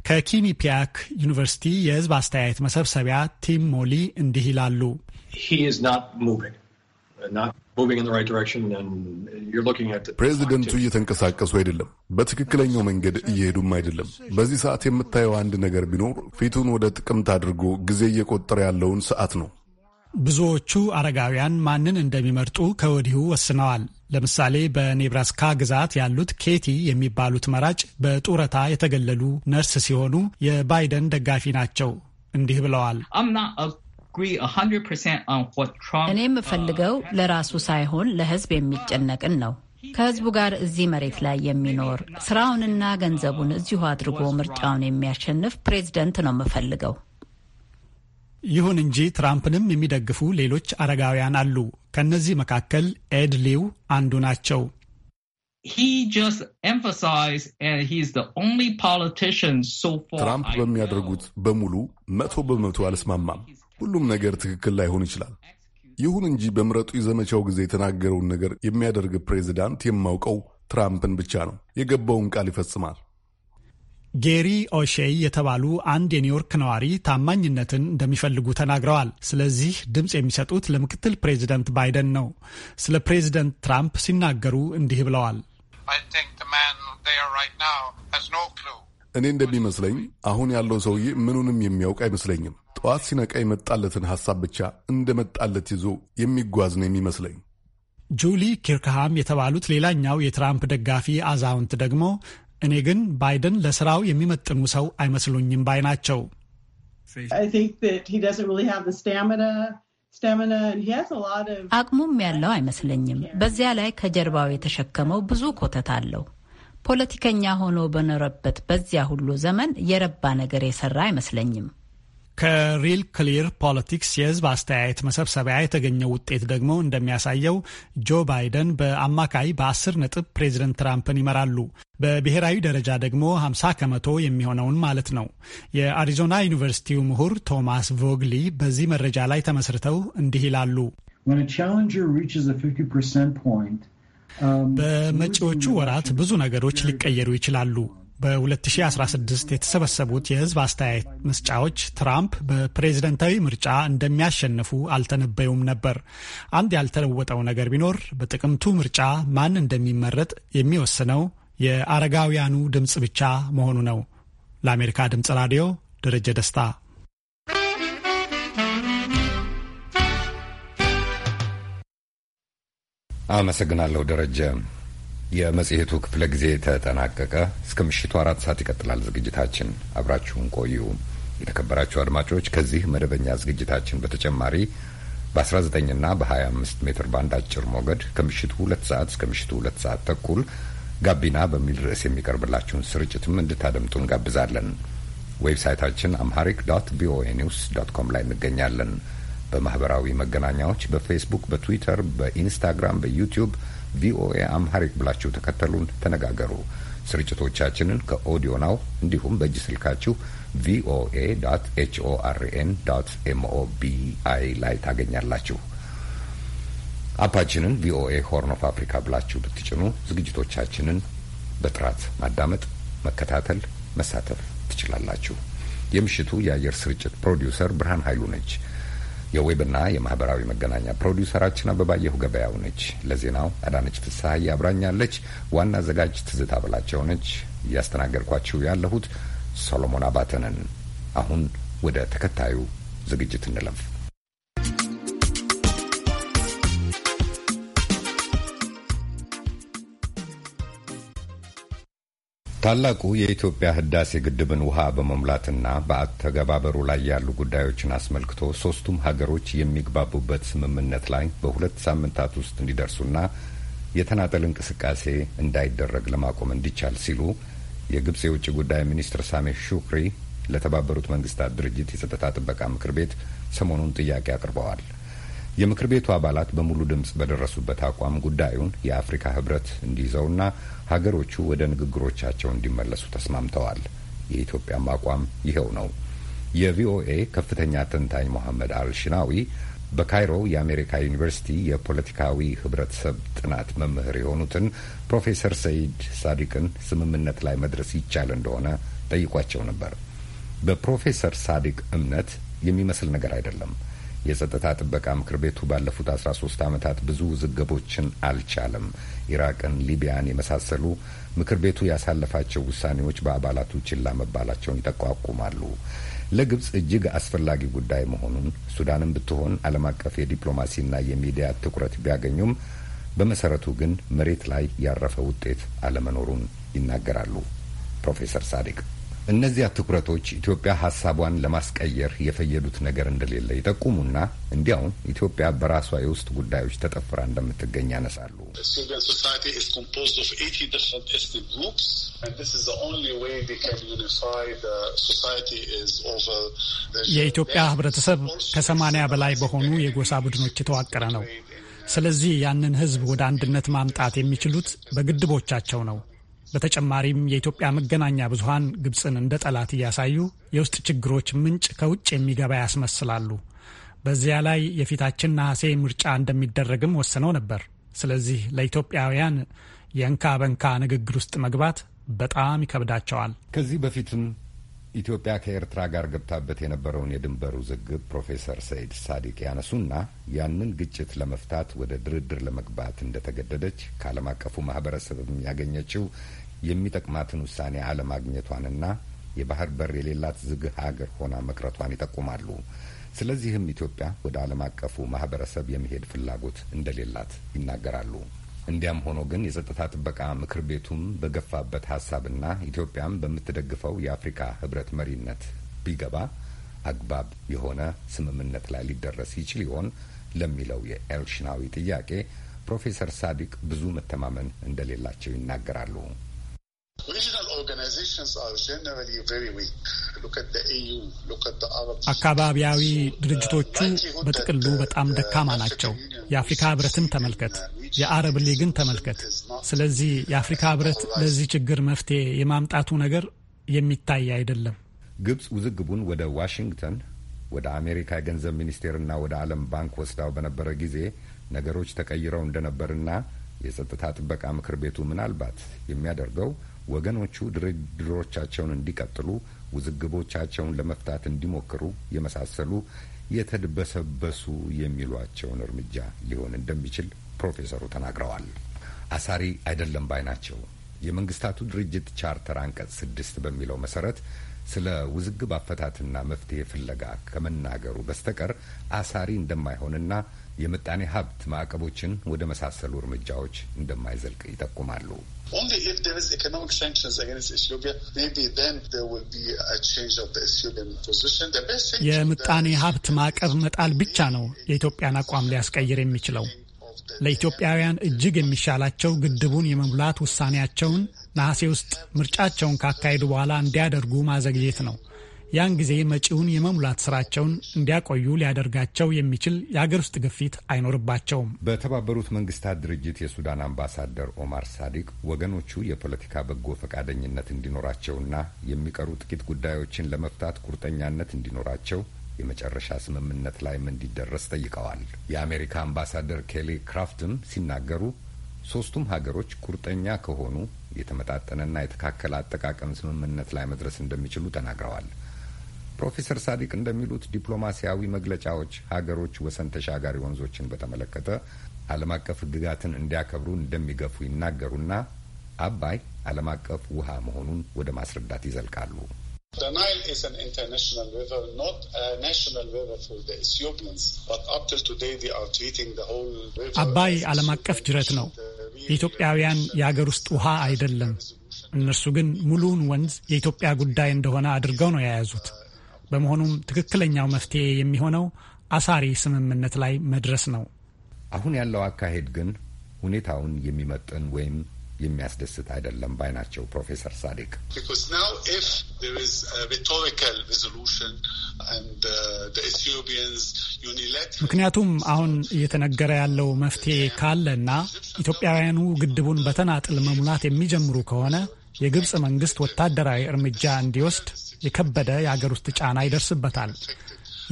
ከኪኒፒያክ ዩኒቨርሲቲ የህዝብ አስተያየት መሰብሰቢያ ቲም ሞሊ እንዲህ ይላሉ። ፕሬዚደንቱ እየተንቀሳቀሱ አይደለም። በትክክለኛው መንገድ እየሄዱም አይደለም። በዚህ ሰዓት የምታየው አንድ ነገር ቢኖር ፊቱን ወደ ጥቅምት አድርጎ ጊዜ እየቆጠረ ያለውን ሰዓት ነው። ብዙዎቹ አረጋውያን ማንን እንደሚመርጡ ከወዲሁ ወስነዋል። ለምሳሌ በኔብራስካ ግዛት ያሉት ኬቲ የሚባሉት መራጭ በጡረታ የተገለሉ ነርስ ሲሆኑ የባይደን ደጋፊ ናቸው። እንዲህ ብለዋል። እኔ የምፈልገው uh, ለራሱ ሳይሆን ለሕዝብ የሚጨነቅን ነው ከህዝቡ ጋር እዚህ መሬት ላይ የሚኖር ስራውንና ገንዘቡን እዚሁ አድርጎ ምርጫውን የሚያሸንፍ ፕሬዝደንት ነው የምፈልገው። ይሁን እንጂ ትራምፕንም የሚደግፉ ሌሎች አረጋውያን አሉ። ከእነዚህ መካከል ኤድ ሊው አንዱ ናቸው። ትራምፕ በሚያደርጉት በሙሉ መቶ በመቶ አልስማማም። ሁሉም ነገር ትክክል ላይሆን ይችላል። ይሁን እንጂ በምረጡ ዘመቻው ጊዜ የተናገረውን ነገር የሚያደርግ ፕሬዚዳንት የማውቀው ትራምፕን ብቻ ነው። የገባውን ቃል ይፈጽማል። ጌሪ ኦሼይ የተባሉ አንድ የኒውዮርክ ነዋሪ ታማኝነትን እንደሚፈልጉ ተናግረዋል። ስለዚህ ድምፅ የሚሰጡት ለምክትል ፕሬዚደንት ባይደን ነው። ስለ ፕሬዚደንት ትራምፕ ሲናገሩ እንዲህ ብለዋል። እኔ እንደሚመስለኝ አሁን ያለው ሰውዬ ምኑንም የሚያውቅ አይመስለኝም። ጠዋት ሲነቃ የመጣለትን ሐሳብ ብቻ እንደመጣለት ይዞ የሚጓዝ ነው የሚመስለኝ። ጁሊ ኪርክሃም የተባሉት ሌላኛው የትራምፕ ደጋፊ አዛውንት ደግሞ እኔ ግን ባይደን ለስራው የሚመጥኑ ሰው አይመስሉኝም ባይ ናቸው። አቅሙም ያለው አይመስለኝም። በዚያ ላይ ከጀርባው የተሸከመው ብዙ ኮተት አለው። ፖለቲከኛ ሆኖ በኖረበት በዚያ ሁሉ ዘመን የረባ ነገር የሰራ አይመስለኝም። ከሪል ክሊር ፖለቲክስ የህዝብ አስተያየት መሰብሰቢያ የተገኘው ውጤት ደግሞ እንደሚያሳየው ጆ ባይደን በአማካይ በ10 ነጥብ ፕሬዚደንት ትራምፕን ይመራሉ። በብሔራዊ ደረጃ ደግሞ 50 ከመቶ የሚሆነውን ማለት ነው። የአሪዞና ዩኒቨርሲቲው ምሁር ቶማስ ቮግሊ በዚህ መረጃ ላይ ተመስርተው እንዲህ ይላሉ። um, በመጪዎቹ ወራት ብዙ ነገሮች ሊቀየሩ ይችላሉ። በ2016 የተሰበሰቡት የህዝብ አስተያየት መስጫዎች ትራምፕ በፕሬዝደንታዊ ምርጫ እንደሚያሸንፉ አልተነበዩም ነበር። አንድ ያልተለወጠው ነገር ቢኖር በጥቅምቱ ምርጫ ማን እንደሚመረጥ የሚወስነው የአረጋውያኑ ድምፅ ብቻ መሆኑ ነው። ለአሜሪካ ድምፅ ራዲዮ ደረጀ ደስታ። አመሰግናለሁ ደረጀ። የመጽሔቱ ክፍለ ጊዜ ተጠናቀቀ። እስከ ምሽቱ አራት ሰዓት ይቀጥላል ዝግጅታችን። አብራችሁን ቆዩ። የተከበራችሁ አድማጮች ከዚህ መደበኛ ዝግጅታችን በተጨማሪ በ19 ና በ25 ሜትር ባንድ አጭር ሞገድ ከምሽቱ ሁለት ሰዓት እስከ ምሽቱ ሁለት ሰዓት ተኩል ጋቢና በሚል ርዕስ የሚቀርብላችሁን ስርጭትም እንድታደምጡ እንጋብዛለን። ዌብሳይታችን አምሃሪክ ዶት ቪኦኤ ኒውስ ዶት ኮም ላይ እንገኛለን። በማህበራዊ መገናኛዎች በፌስቡክ፣ በትዊተር፣ በኢንስታግራም፣ በዩቲዩብ ቪኦኤ አምሃሪክ ብላችሁ ተከተሉን፣ ተነጋገሩ። ስርጭቶቻችንን ከኦዲዮ ናው እንዲሁም በእጅ ስልካችሁ ቪኦኤ ዶት ኤችኦአርኤን ዶት ላይ ታገኛላችሁ። አፓችንን ቪኦኤ ሆርን ኦፍ አፍሪካ ብላችሁ ብትጭኑ ዝግጅቶቻችንን በጥራት ማዳመጥ፣ መከታተል፣ መሳተፍ ትችላላችሁ። የምሽቱ የአየር ስርጭት ፕሮዲውሰር ብርሃን ኃይሉ ነች። የዌብና የማህበራዊ መገናኛ ፕሮዲውሰራችን አበባየሁ ገበያው ነች። ለዜናው አዳነች ፍስሐዬ አብራኛለች። ዋና አዘጋጅ ትዝታ ብላቸው ነች። እያስተናገድኳችሁ ያለሁት ሶሎሞን አባተንን። አሁን ወደ ተከታዩ ዝግጅት እንለፍ። ታላቁ የኢትዮጵያ ህዳሴ ግድብን ውሃ በመሙላትና በአተገባበሩ ላይ ያሉ ጉዳዮችን አስመልክቶ ሶስቱም ሀገሮች የሚግባቡበት ስምምነት ላይ በሁለት ሳምንታት ውስጥ እንዲደርሱና የተናጠል እንቅስቃሴ እንዳይደረግ ለማቆም እንዲቻል ሲሉ የግብጽ የውጭ ጉዳይ ሚኒስትር ሳሜ ሹክሪ ለተባበሩት መንግስታት ድርጅት የጸጥታ ጥበቃ ምክር ቤት ሰሞኑን ጥያቄ አቅርበዋል። የምክር ቤቱ አባላት በሙሉ ድምፅ በደረሱበት አቋም ጉዳዩን የአፍሪካ ህብረት እንዲይዘውና ሀገሮቹ ወደ ንግግሮቻቸው እንዲመለሱ ተስማምተዋል። የኢትዮጵያም አቋም ይኸው ነው። የቪኦኤ ከፍተኛ ተንታኝ ሞሐመድ አልሽናዊ በካይሮ የአሜሪካ ዩኒቨርሲቲ የፖለቲካዊ ህብረተሰብ ጥናት መምህር የሆኑትን ፕሮፌሰር ሰይድ ሳዲቅን ስምምነት ላይ መድረስ ይቻል እንደሆነ ጠይቋቸው ነበር። በፕሮፌሰር ሳዲቅ እምነት የሚመስል ነገር አይደለም። የጸጥታ ጥበቃ ምክር ቤቱ ባለፉት አስራ ሶስት ዓመታት ብዙ ውዝግቦችን አልቻለም። ኢራቅን፣ ሊቢያን የመሳሰሉ ምክር ቤቱ ያሳለፋቸው ውሳኔዎች በአባላቱ ችላ መባላቸውን ይጠቋቁማሉ። ለግብጽ እጅግ አስፈላጊ ጉዳይ መሆኑን ሱዳንም ብትሆን ዓለም አቀፍ የዲፕሎማሲና የሚዲያ ትኩረት ቢያገኙም በመሰረቱ ግን መሬት ላይ ያረፈ ውጤት አለመኖሩን ይናገራሉ ፕሮፌሰር ሳዲቅ። እነዚያ ትኩረቶች ኢትዮጵያ ሀሳቧን ለማስቀየር የፈየዱት ነገር እንደሌለ ይጠቁሙና እንዲያውም ኢትዮጵያ በራሷ የውስጥ ጉዳዮች ተጠፍራ እንደምትገኝ ያነሳሉ። የኢትዮጵያ ህብረተሰብ ከሰማንያ በላይ በሆኑ የጎሳ ቡድኖች የተዋቀረ ነው። ስለዚህ ያንን ህዝብ ወደ አንድነት ማምጣት የሚችሉት በግድቦቻቸው ነው። በተጨማሪም የኢትዮጵያ መገናኛ ብዙሀን ግብፅን እንደ ጠላት እያሳዩ የውስጥ ችግሮች ምንጭ ከውጭ የሚገባ ያስመስላሉ። በዚያ ላይ የፊታችን ነሐሴ ምርጫ እንደሚደረግም ወስነው ነበር። ስለዚህ ለኢትዮጵያውያን የእንካ በንካ ንግግር ውስጥ መግባት በጣም ይከብዳቸዋል። ከዚህ በፊትም ኢትዮጵያ ከኤርትራ ጋር ገብታበት የነበረውን የድንበር ውዝግብ ፕሮፌሰር ሰይድ ሳዲቅ ያነሱና ያንን ግጭት ለመፍታት ወደ ድርድር ለመግባት እንደተገደደች ከዓለም አቀፉ ማህበረሰብም ያገኘችው የሚጠቅማትን ውሳኔ አለማግኘቷንና የባህር በር የሌላት ዝግ ሀገር ሆና መቅረቷን ይጠቁማሉ። ስለዚህም ኢትዮጵያ ወደ ዓለም አቀፉ ማህበረሰብ የመሄድ ፍላጎት እንደሌላት ይናገራሉ። እንዲያም ሆኖ ግን የጸጥታ ጥበቃ ምክር ቤቱም በገፋበት ሀሳብና ኢትዮጵያም በምትደግፈው የአፍሪካ ህብረት መሪነት ቢገባ አግባብ የሆነ ስምምነት ላይ ሊደረስ ይችል ይሆን ለሚለው የኤልሽናዊ ጥያቄ ፕሮፌሰር ሳዲቅ ብዙ መተማመን እንደሌላቸው ይናገራሉ። አካባቢያዊ ድርጅቶቹ uh, በጥቅሉ በጣም uh, ደካማ ናቸው። የአፍሪካ ህብረትን ተመልከት፣ የአረብ ሊግን ተመልከት። ስለዚህ የአፍሪካ ህብረት ለዚህ ችግር መፍትሄ የማምጣቱ ነገር የሚታይ አይደለም። ግብፅ ውዝግቡን ወደ ዋሽንግተን ወደ አሜሪካ የገንዘብ ሚኒስቴርና ወደ ዓለም ባንክ ወስዳው በነበረ ጊዜ ነገሮች ተቀይረው እንደነበርና የጸጥታ ጥበቃ ምክር ቤቱ ምናልባት የሚያደርገው ወገኖቹ ድርድሮቻቸውን እንዲቀጥሉ፣ ውዝግቦቻቸውን ለመፍታት እንዲሞክሩ የመሳሰሉ የተድበሰበሱ የሚሏቸውን እርምጃ ሊሆን እንደሚችል ፕሮፌሰሩ ተናግረዋል። አሳሪ አይደለም ባይ ናቸው። የመንግስታቱ ድርጅት ቻርተር አንቀጽ ስድስት በሚለው መሰረት ስለ ውዝግብ አፈታትና መፍትሄ ፍለጋ ከመናገሩ በስተቀር አሳሪ እንደማይሆንና የምጣኔ ሀብት ማዕቀቦችን ወደ መሳሰሉ እርምጃዎች እንደማይዘልቅ ይጠቁማሉ። Only if there is economic sanctions against Ethiopia, maybe then there will be a change of the Ethiopian position. The best thing የምጣኔ ሀብት ማዕቀብ መጣል ብቻ ነው የኢትዮጵያን አቋም ሊያስቀይር የሚችለው። ለኢትዮጵያውያን እጅግ የሚሻላቸው ግድቡን የመሙላት ውሳኔያቸውን ነሐሴ ውስጥ ምርጫቸውን ካካሄዱ በኋላ እንዲያደርጉ ማዘግየት ነው። ያን ጊዜ መጪውን የመሙላት ስራቸውን እንዲያቆዩ ሊያደርጋቸው የሚችል የአገር ውስጥ ግፊት አይኖርባቸውም። በተባበሩት መንግስታት ድርጅት የሱዳን አምባሳደር ኦማር ሳዲቅ ወገኖቹ የፖለቲካ በጎ ፈቃደኝነት እንዲኖራቸውና የሚቀሩ ጥቂት ጉዳዮችን ለመፍታት ቁርጠኛነት እንዲኖራቸው የመጨረሻ ስምምነት ላይም እንዲደረስ ጠይቀዋል። የአሜሪካ አምባሳደር ኬሊ ክራፍትም ሲናገሩ ሶስቱም ሀገሮች ቁርጠኛ ከሆኑ የተመጣጠነና የተካከለ አጠቃቀም ስምምነት ላይ መድረስ እንደሚችሉ ተናግረዋል። ፕሮፌሰር ሳዲቅ እንደሚሉት ዲፕሎማሲያዊ መግለጫዎች ሀገሮች ወሰን ተሻጋሪ ወንዞችን በተመለከተ ዓለም አቀፍ ሕግጋትን እንዲያከብሩ እንደሚገፉ ይናገሩና አባይ ዓለም አቀፍ ውሃ መሆኑን ወደ ማስረዳት ይዘልቃሉ። አባይ ዓለም አቀፍ ጅረት ነው። የኢትዮጵያውያን የሀገር ውስጥ ውሃ አይደለም። እነርሱ ግን ሙሉውን ወንዝ የኢትዮጵያ ጉዳይ እንደሆነ አድርገው ነው የያዙት። በመሆኑም ትክክለኛው መፍትሄ የሚሆነው አሳሪ ስምምነት ላይ መድረስ ነው። አሁን ያለው አካሄድ ግን ሁኔታውን የሚመጥን ወይም የሚያስደስት አይደለም ባይ ናቸው ፕሮፌሰር ሳዴቅ። uh, ምክንያቱም አሁን እየተነገረ ያለው መፍትሄ ካለና ኢትዮጵያውያኑ ግድቡን በተናጥል መሙላት የሚጀምሩ ከሆነ የግብፅ መንግስት ወታደራዊ እርምጃ እንዲወስድ የከበደ የአገር ውስጥ ጫና ይደርስበታል።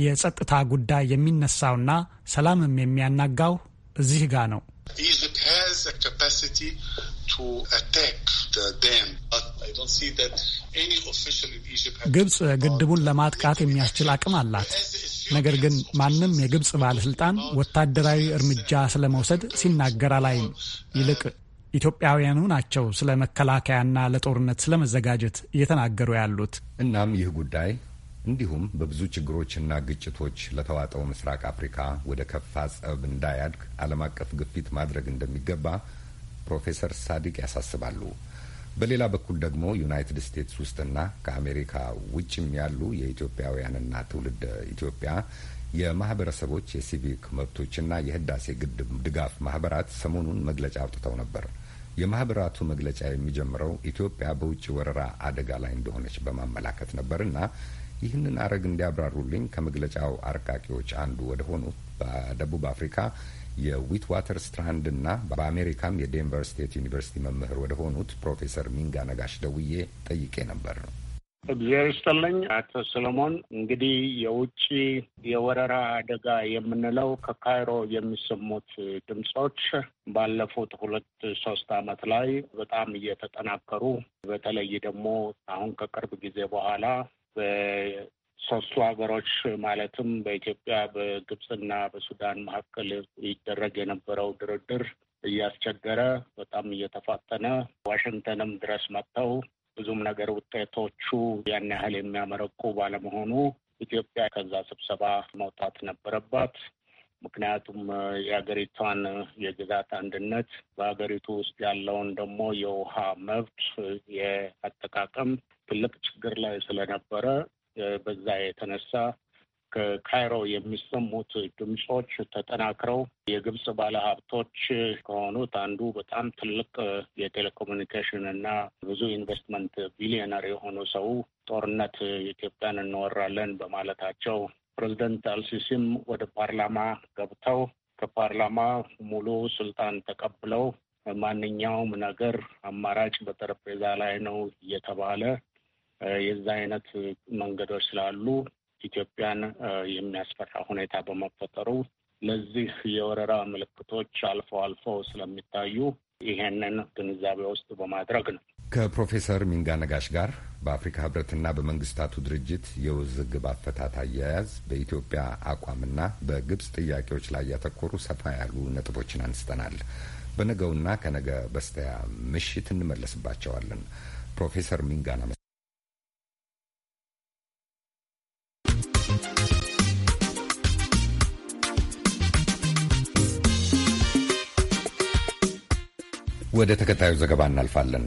የጸጥታ ጉዳይ የሚነሳውና ሰላምም የሚያናጋው እዚህ ጋ ነው። ግብፅ ግድቡን ለማጥቃት የሚያስችል አቅም አላት። ነገር ግን ማንም የግብፅ ባለስልጣን ወታደራዊ እርምጃ ስለመውሰድ ሲናገር አላይም። ይልቅ ኢትዮጵያውያኑ ናቸው ስለ መከላከያና ለጦርነት ስለመዘጋጀት እየተናገሩ ያሉት። እናም ይህ ጉዳይ እንዲሁም በብዙ ችግሮችና ግጭቶች ለተዋጠው ምስራቅ አፍሪካ ወደ ከፋ ጸብ እንዳያድግ ዓለም አቀፍ ግፊት ማድረግ እንደሚገባ ፕሮፌሰር ሳዲቅ ያሳስባሉ። በሌላ በኩል ደግሞ ዩናይትድ ስቴትስ ውስጥና ከአሜሪካ ውጭም ያሉ የኢትዮጵያውያንና ትውልድ ኢትዮጵያ የማህበረሰቦች የሲቪክ መብቶችና የህዳሴ ግድብ ድጋፍ ማህበራት ሰሞኑን መግለጫ አውጥተው ነበር። የማህበራቱ መግለጫ የሚጀምረው ኢትዮጵያ በውጭ ወረራ አደጋ ላይ እንደሆነች በማመላከት ነበርና ይህንን አረግ እንዲያብራሩልኝ ከመግለጫው አርቃቂዎች አንዱ ወደ ሆኑት በደቡብ አፍሪካ የዊት ዋተር ስትራንድና በአሜሪካም የዴንቨር ስቴት ዩኒቨርሲቲ መምህር ወደ ሆኑት ፕሮፌሰር ሚንጋ ነጋሽ ደውዬ ጠይቄ ነበር ነው እግዚአብሔር ይስጥልኝ አቶ ሰለሞን። እንግዲህ የውጭ የወረራ አደጋ የምንለው ከካይሮ የሚሰሙት ድምፆች ባለፉት ሁለት ሶስት ዓመት ላይ በጣም እየተጠናከሩ በተለይ ደግሞ አሁን ከቅርብ ጊዜ በኋላ በሶስቱ ሀገሮች ማለትም በኢትዮጵያ በግብፅና በሱዳን መካከል ይደረግ የነበረው ድርድር እያስቸገረ በጣም እየተፋጠነ ዋሽንግተንም ድረስ መጥተው ብዙም ነገር ውጤቶቹ ያን ያህል የሚያመረቁ ባለመሆኑ ኢትዮጵያ ከዛ ስብሰባ መውጣት ነበረባት። ምክንያቱም የሀገሪቷን የግዛት አንድነት በሀገሪቱ ውስጥ ያለውን ደግሞ የውሃ መብት የአጠቃቀም ትልቅ ችግር ላይ ስለነበረ በዛ የተነሳ ከካይሮ የሚሰሙት ድምፆች ተጠናክረው የግብጽ ባለሀብቶች ከሆኑት አንዱ በጣም ትልቅ የቴሌኮሙኒኬሽን እና ብዙ ኢንቨስትመንት ቢሊዮነር የሆኑ ሰው ጦርነት ኢትዮጵያን እንወራለን በማለታቸው ፕሬዚደንት አልሲሲም ወደ ፓርላማ ገብተው ከፓርላማ ሙሉ ስልጣን ተቀብለው ማንኛውም ነገር አማራጭ በጠረጴዛ ላይ ነው እየተባለ የዛ አይነት መንገዶች ስላሉ ኢትዮጵያን የሚያስፈራ ሁኔታ በመፈጠሩ ለዚህ የወረራ ምልክቶች አልፎ አልፎ ስለሚታዩ ይሄንን ግንዛቤ ውስጥ በማድረግ ነው። ከፕሮፌሰር ሚንጋ ነጋሽ ጋር በአፍሪካ ህብረትና በመንግስታቱ ድርጅት የውዝግብ አፈታት አያያዝ በኢትዮጵያ አቋምና በግብፅ ጥያቄዎች ላይ ያተኮሩ ሰፋ ያሉ ነጥቦችን አንስተናል። በነገውና ከነገ በስተያ ምሽት እንመለስባቸዋለን። ፕሮፌሰር ሚንጋን ወደ ተከታዩ ዘገባ እናልፋለን።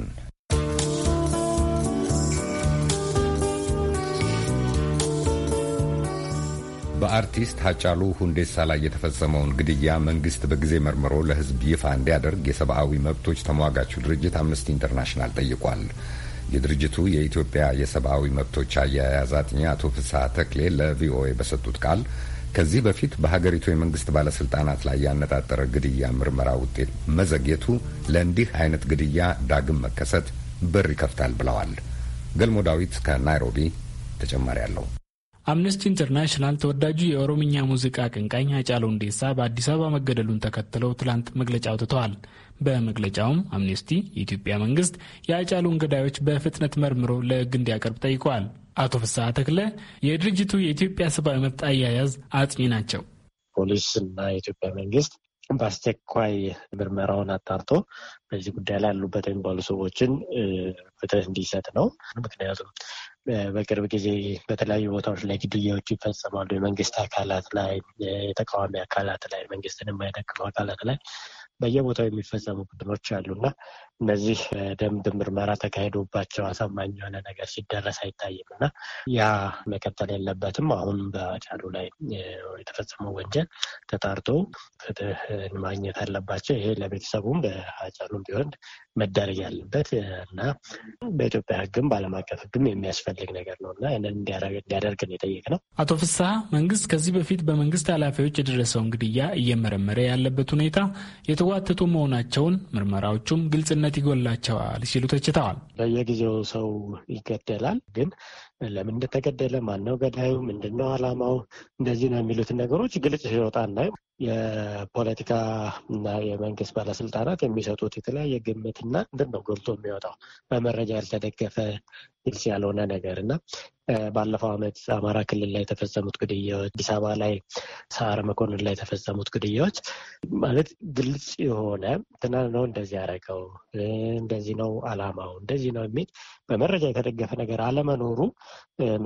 በአርቲስት ሀጫሉ ሁንዴሳ ላይ የተፈጸመውን ግድያ መንግስት በጊዜ መርምሮ ለሕዝብ ይፋ እንዲያደርግ የሰብአዊ መብቶች ተሟጋቹ ድርጅት አምነስቲ ኢንተርናሽናል ጠይቋል። የድርጅቱ የኢትዮጵያ የሰብአዊ መብቶች አያያዝ አጥኚ አቶ ፍስሐ ተክሌ ለቪኦኤ በሰጡት ቃል ከዚህ በፊት በሀገሪቱ የመንግስት ባለስልጣናት ላይ ያነጣጠረ ግድያ ምርመራ ውጤት መዘግየቱ ለእንዲህ አይነት ግድያ ዳግም መከሰት በር ይከፍታል ብለዋል። ገልሞ ዳዊት ከናይሮቢ ተጨማሪ አለው። አምነስቲ ኢንተርናሽናል ተወዳጁ የኦሮምኛ ሙዚቃ አቀንቃኝ ሃጫሉ ሁንዴሳ በአዲስ አበባ መገደሉን ተከትለው ትላንት መግለጫ አውጥተዋል። በመግለጫውም አምኔስቲ የኢትዮጵያ መንግስት የአጫሉን ገዳዮች በፍጥነት መርምሮ ለህግ እንዲያቀርብ ጠይቀዋል። አቶ ፍስሐ ተክለ የድርጅቱ የኢትዮጵያ ሰብአዊ መብት አያያዝ አጥኚ ናቸው። ፖሊስ እና የኢትዮጵያ መንግስት በአስቸኳይ ምርመራውን አጣርቶ በዚህ ጉዳይ ላይ ያሉበት የሚባሉ ሰዎችን ፍትህ እንዲሰጥ ነው። ምክንያቱም በቅርብ ጊዜ በተለያዩ ቦታዎች ላይ ግድያዎች ይፈጸማሉ። የመንግስት አካላት ላይ፣ የተቃዋሚ አካላት ላይ፣ መንግስትን የማይደግፉ አካላት ላይ በየቦታው የሚፈጸሙ አሉ እና እነዚህ በደንብ ምርመራ ተካሂዶባቸው አሳማኝ የሆነ ነገር ሲደረስ አይታይም እና ያ መቀጠል የለበትም። አሁን በአጫሉ ላይ የተፈጸመው ወንጀል ተጣርቶ ፍትህ ማግኘት አለባቸው። ይሄ ለቤተሰቡም በአጫሉም ቢሆን መደረግ ያለበት እና በኢትዮጵያ ሕግም በዓለም አቀፍ ሕግም የሚያስፈልግ ነገር ነው እና ይንን እንዲያደርግን የጠየቅ ነው። አቶ ፍስሐ መንግስት ከዚህ በፊት በመንግስት ኃላፊዎች የደረሰውን ግድያ እየመረመረ ያለበት ሁኔታ የተጓተቱ መሆናቸውን ምርመራዎቹም ግልጽነት ኃላፊነት ይጎላቸዋል ሲሉ ተችተዋል። በየጊዜው ሰው ይገደላል፣ ግን ለምን እንደተገደለ ማነው ገዳዩ፣ ምንድነው አላማው እንደዚህ ነው የሚሉትን ነገሮች ግልጽ ሲወጣ እናየው። የፖለቲካ እና የመንግስት ባለስልጣናት የሚሰጡት የተለያየ ግምትና ምንድን ነው ጎልቶ የሚወጣው በመረጃ ያልተደገፈ ግልጽ ያልሆነ ነገር እና ባለፈው ዓመት አማራ ክልል ላይ የተፈጸሙት ግድያዎች፣ አዲስ አበባ ላይ ሰዓረ መኮንን ላይ የተፈጸሙት ግድያዎች ማለት ግልጽ የሆነ ትናንት ነው እንደዚህ ያደረገው እንደዚህ ነው አላማው እንደዚህ ነው የሚል በመረጃ የተደገፈ ነገር አለመኖሩ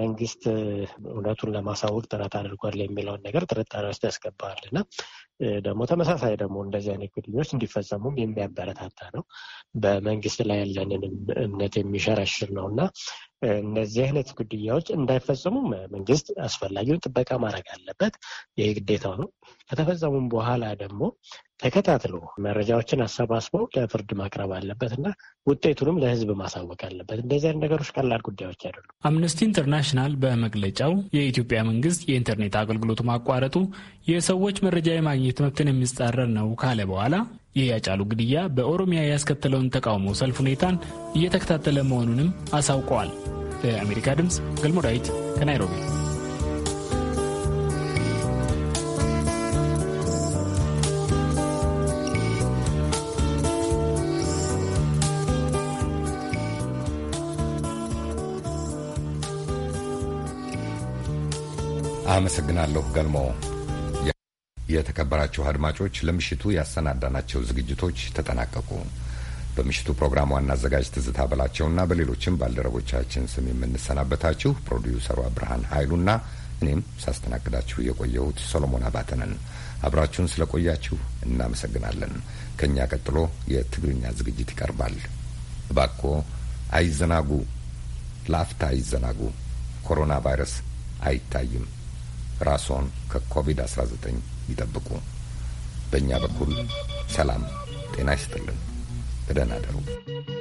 መንግስት እውነቱን ለማሳወቅ ጥረት አድርጓል የሚለውን ነገር ጥርጣሬ ውስጥ ያስገባል እና ደግሞ ተመሳሳይ ደግሞ እንደዚህ አይነት ግድኞች እንዲፈጸሙም የሚያበረታታ ነው። በመንግስት ላይ ያለንን እምነት የሚሸረሽር ነው እና እነዚህ አይነት ግድያዎች እንዳይፈጸሙ መንግስት አስፈላጊውን ጥበቃ ማድረግ አለበት። ይህ ግዴታው ነው። ከተፈጸሙም በኋላ ደግሞ ተከታትሎ መረጃዎችን አሰባስቦ ለፍርድ ማቅረብ አለበት እና ውጤቱንም ለህዝብ ማሳወቅ አለበት። እንደዚህ አይነት ነገሮች ቀላል ጉዳዮች አይደሉም። አምነስቲ ኢንተርናሽናል በመግለጫው የኢትዮጵያ መንግስት የኢንተርኔት አገልግሎቱ ማቋረጡ የሰዎች መረጃ የማግኘት መብትን የሚጻረር ነው ካለ በኋላ ይህ ያጫሉ ግድያ በኦሮሚያ ያስከተለውን ተቃውሞ ሰልፍ ሁኔታን እየተከታተለ መሆኑንም አሳውቀዋል። ለአሜሪካ ድምፅ ገልሞ ዳዊት ከናይሮቢ አመሰግናለሁ ገልሞ። የተከበራችሁ አድማጮች ለምሽቱ ያሰናዳናቸው ዝግጅቶች ተጠናቀቁ። በምሽቱ ፕሮግራም ዋና አዘጋጅ ትዝታ በላቸውና በሌሎችም ባልደረቦቻችን ስም የምንሰናበታችሁ ፕሮዲውሰሯ ብርሃን ኃይሉና እኔም ሳስተናግዳችሁ የቆየሁት ሰሎሞን አባተነን። አብራችሁን ስለቆያችሁ እናመሰግናለን። ከእኛ ቀጥሎ የትግርኛ ዝግጅት ይቀርባል። እባክዎ አይዘናጉ፣ ለአፍታ አይዘናጉ። ኮሮና ቫይረስ አይታይም። ራስዎን ከኮቪድ-19 ይጠብቁ። በእኛ በኩል ሰላም ጤና ይስጥልን። በደህና አደሩ።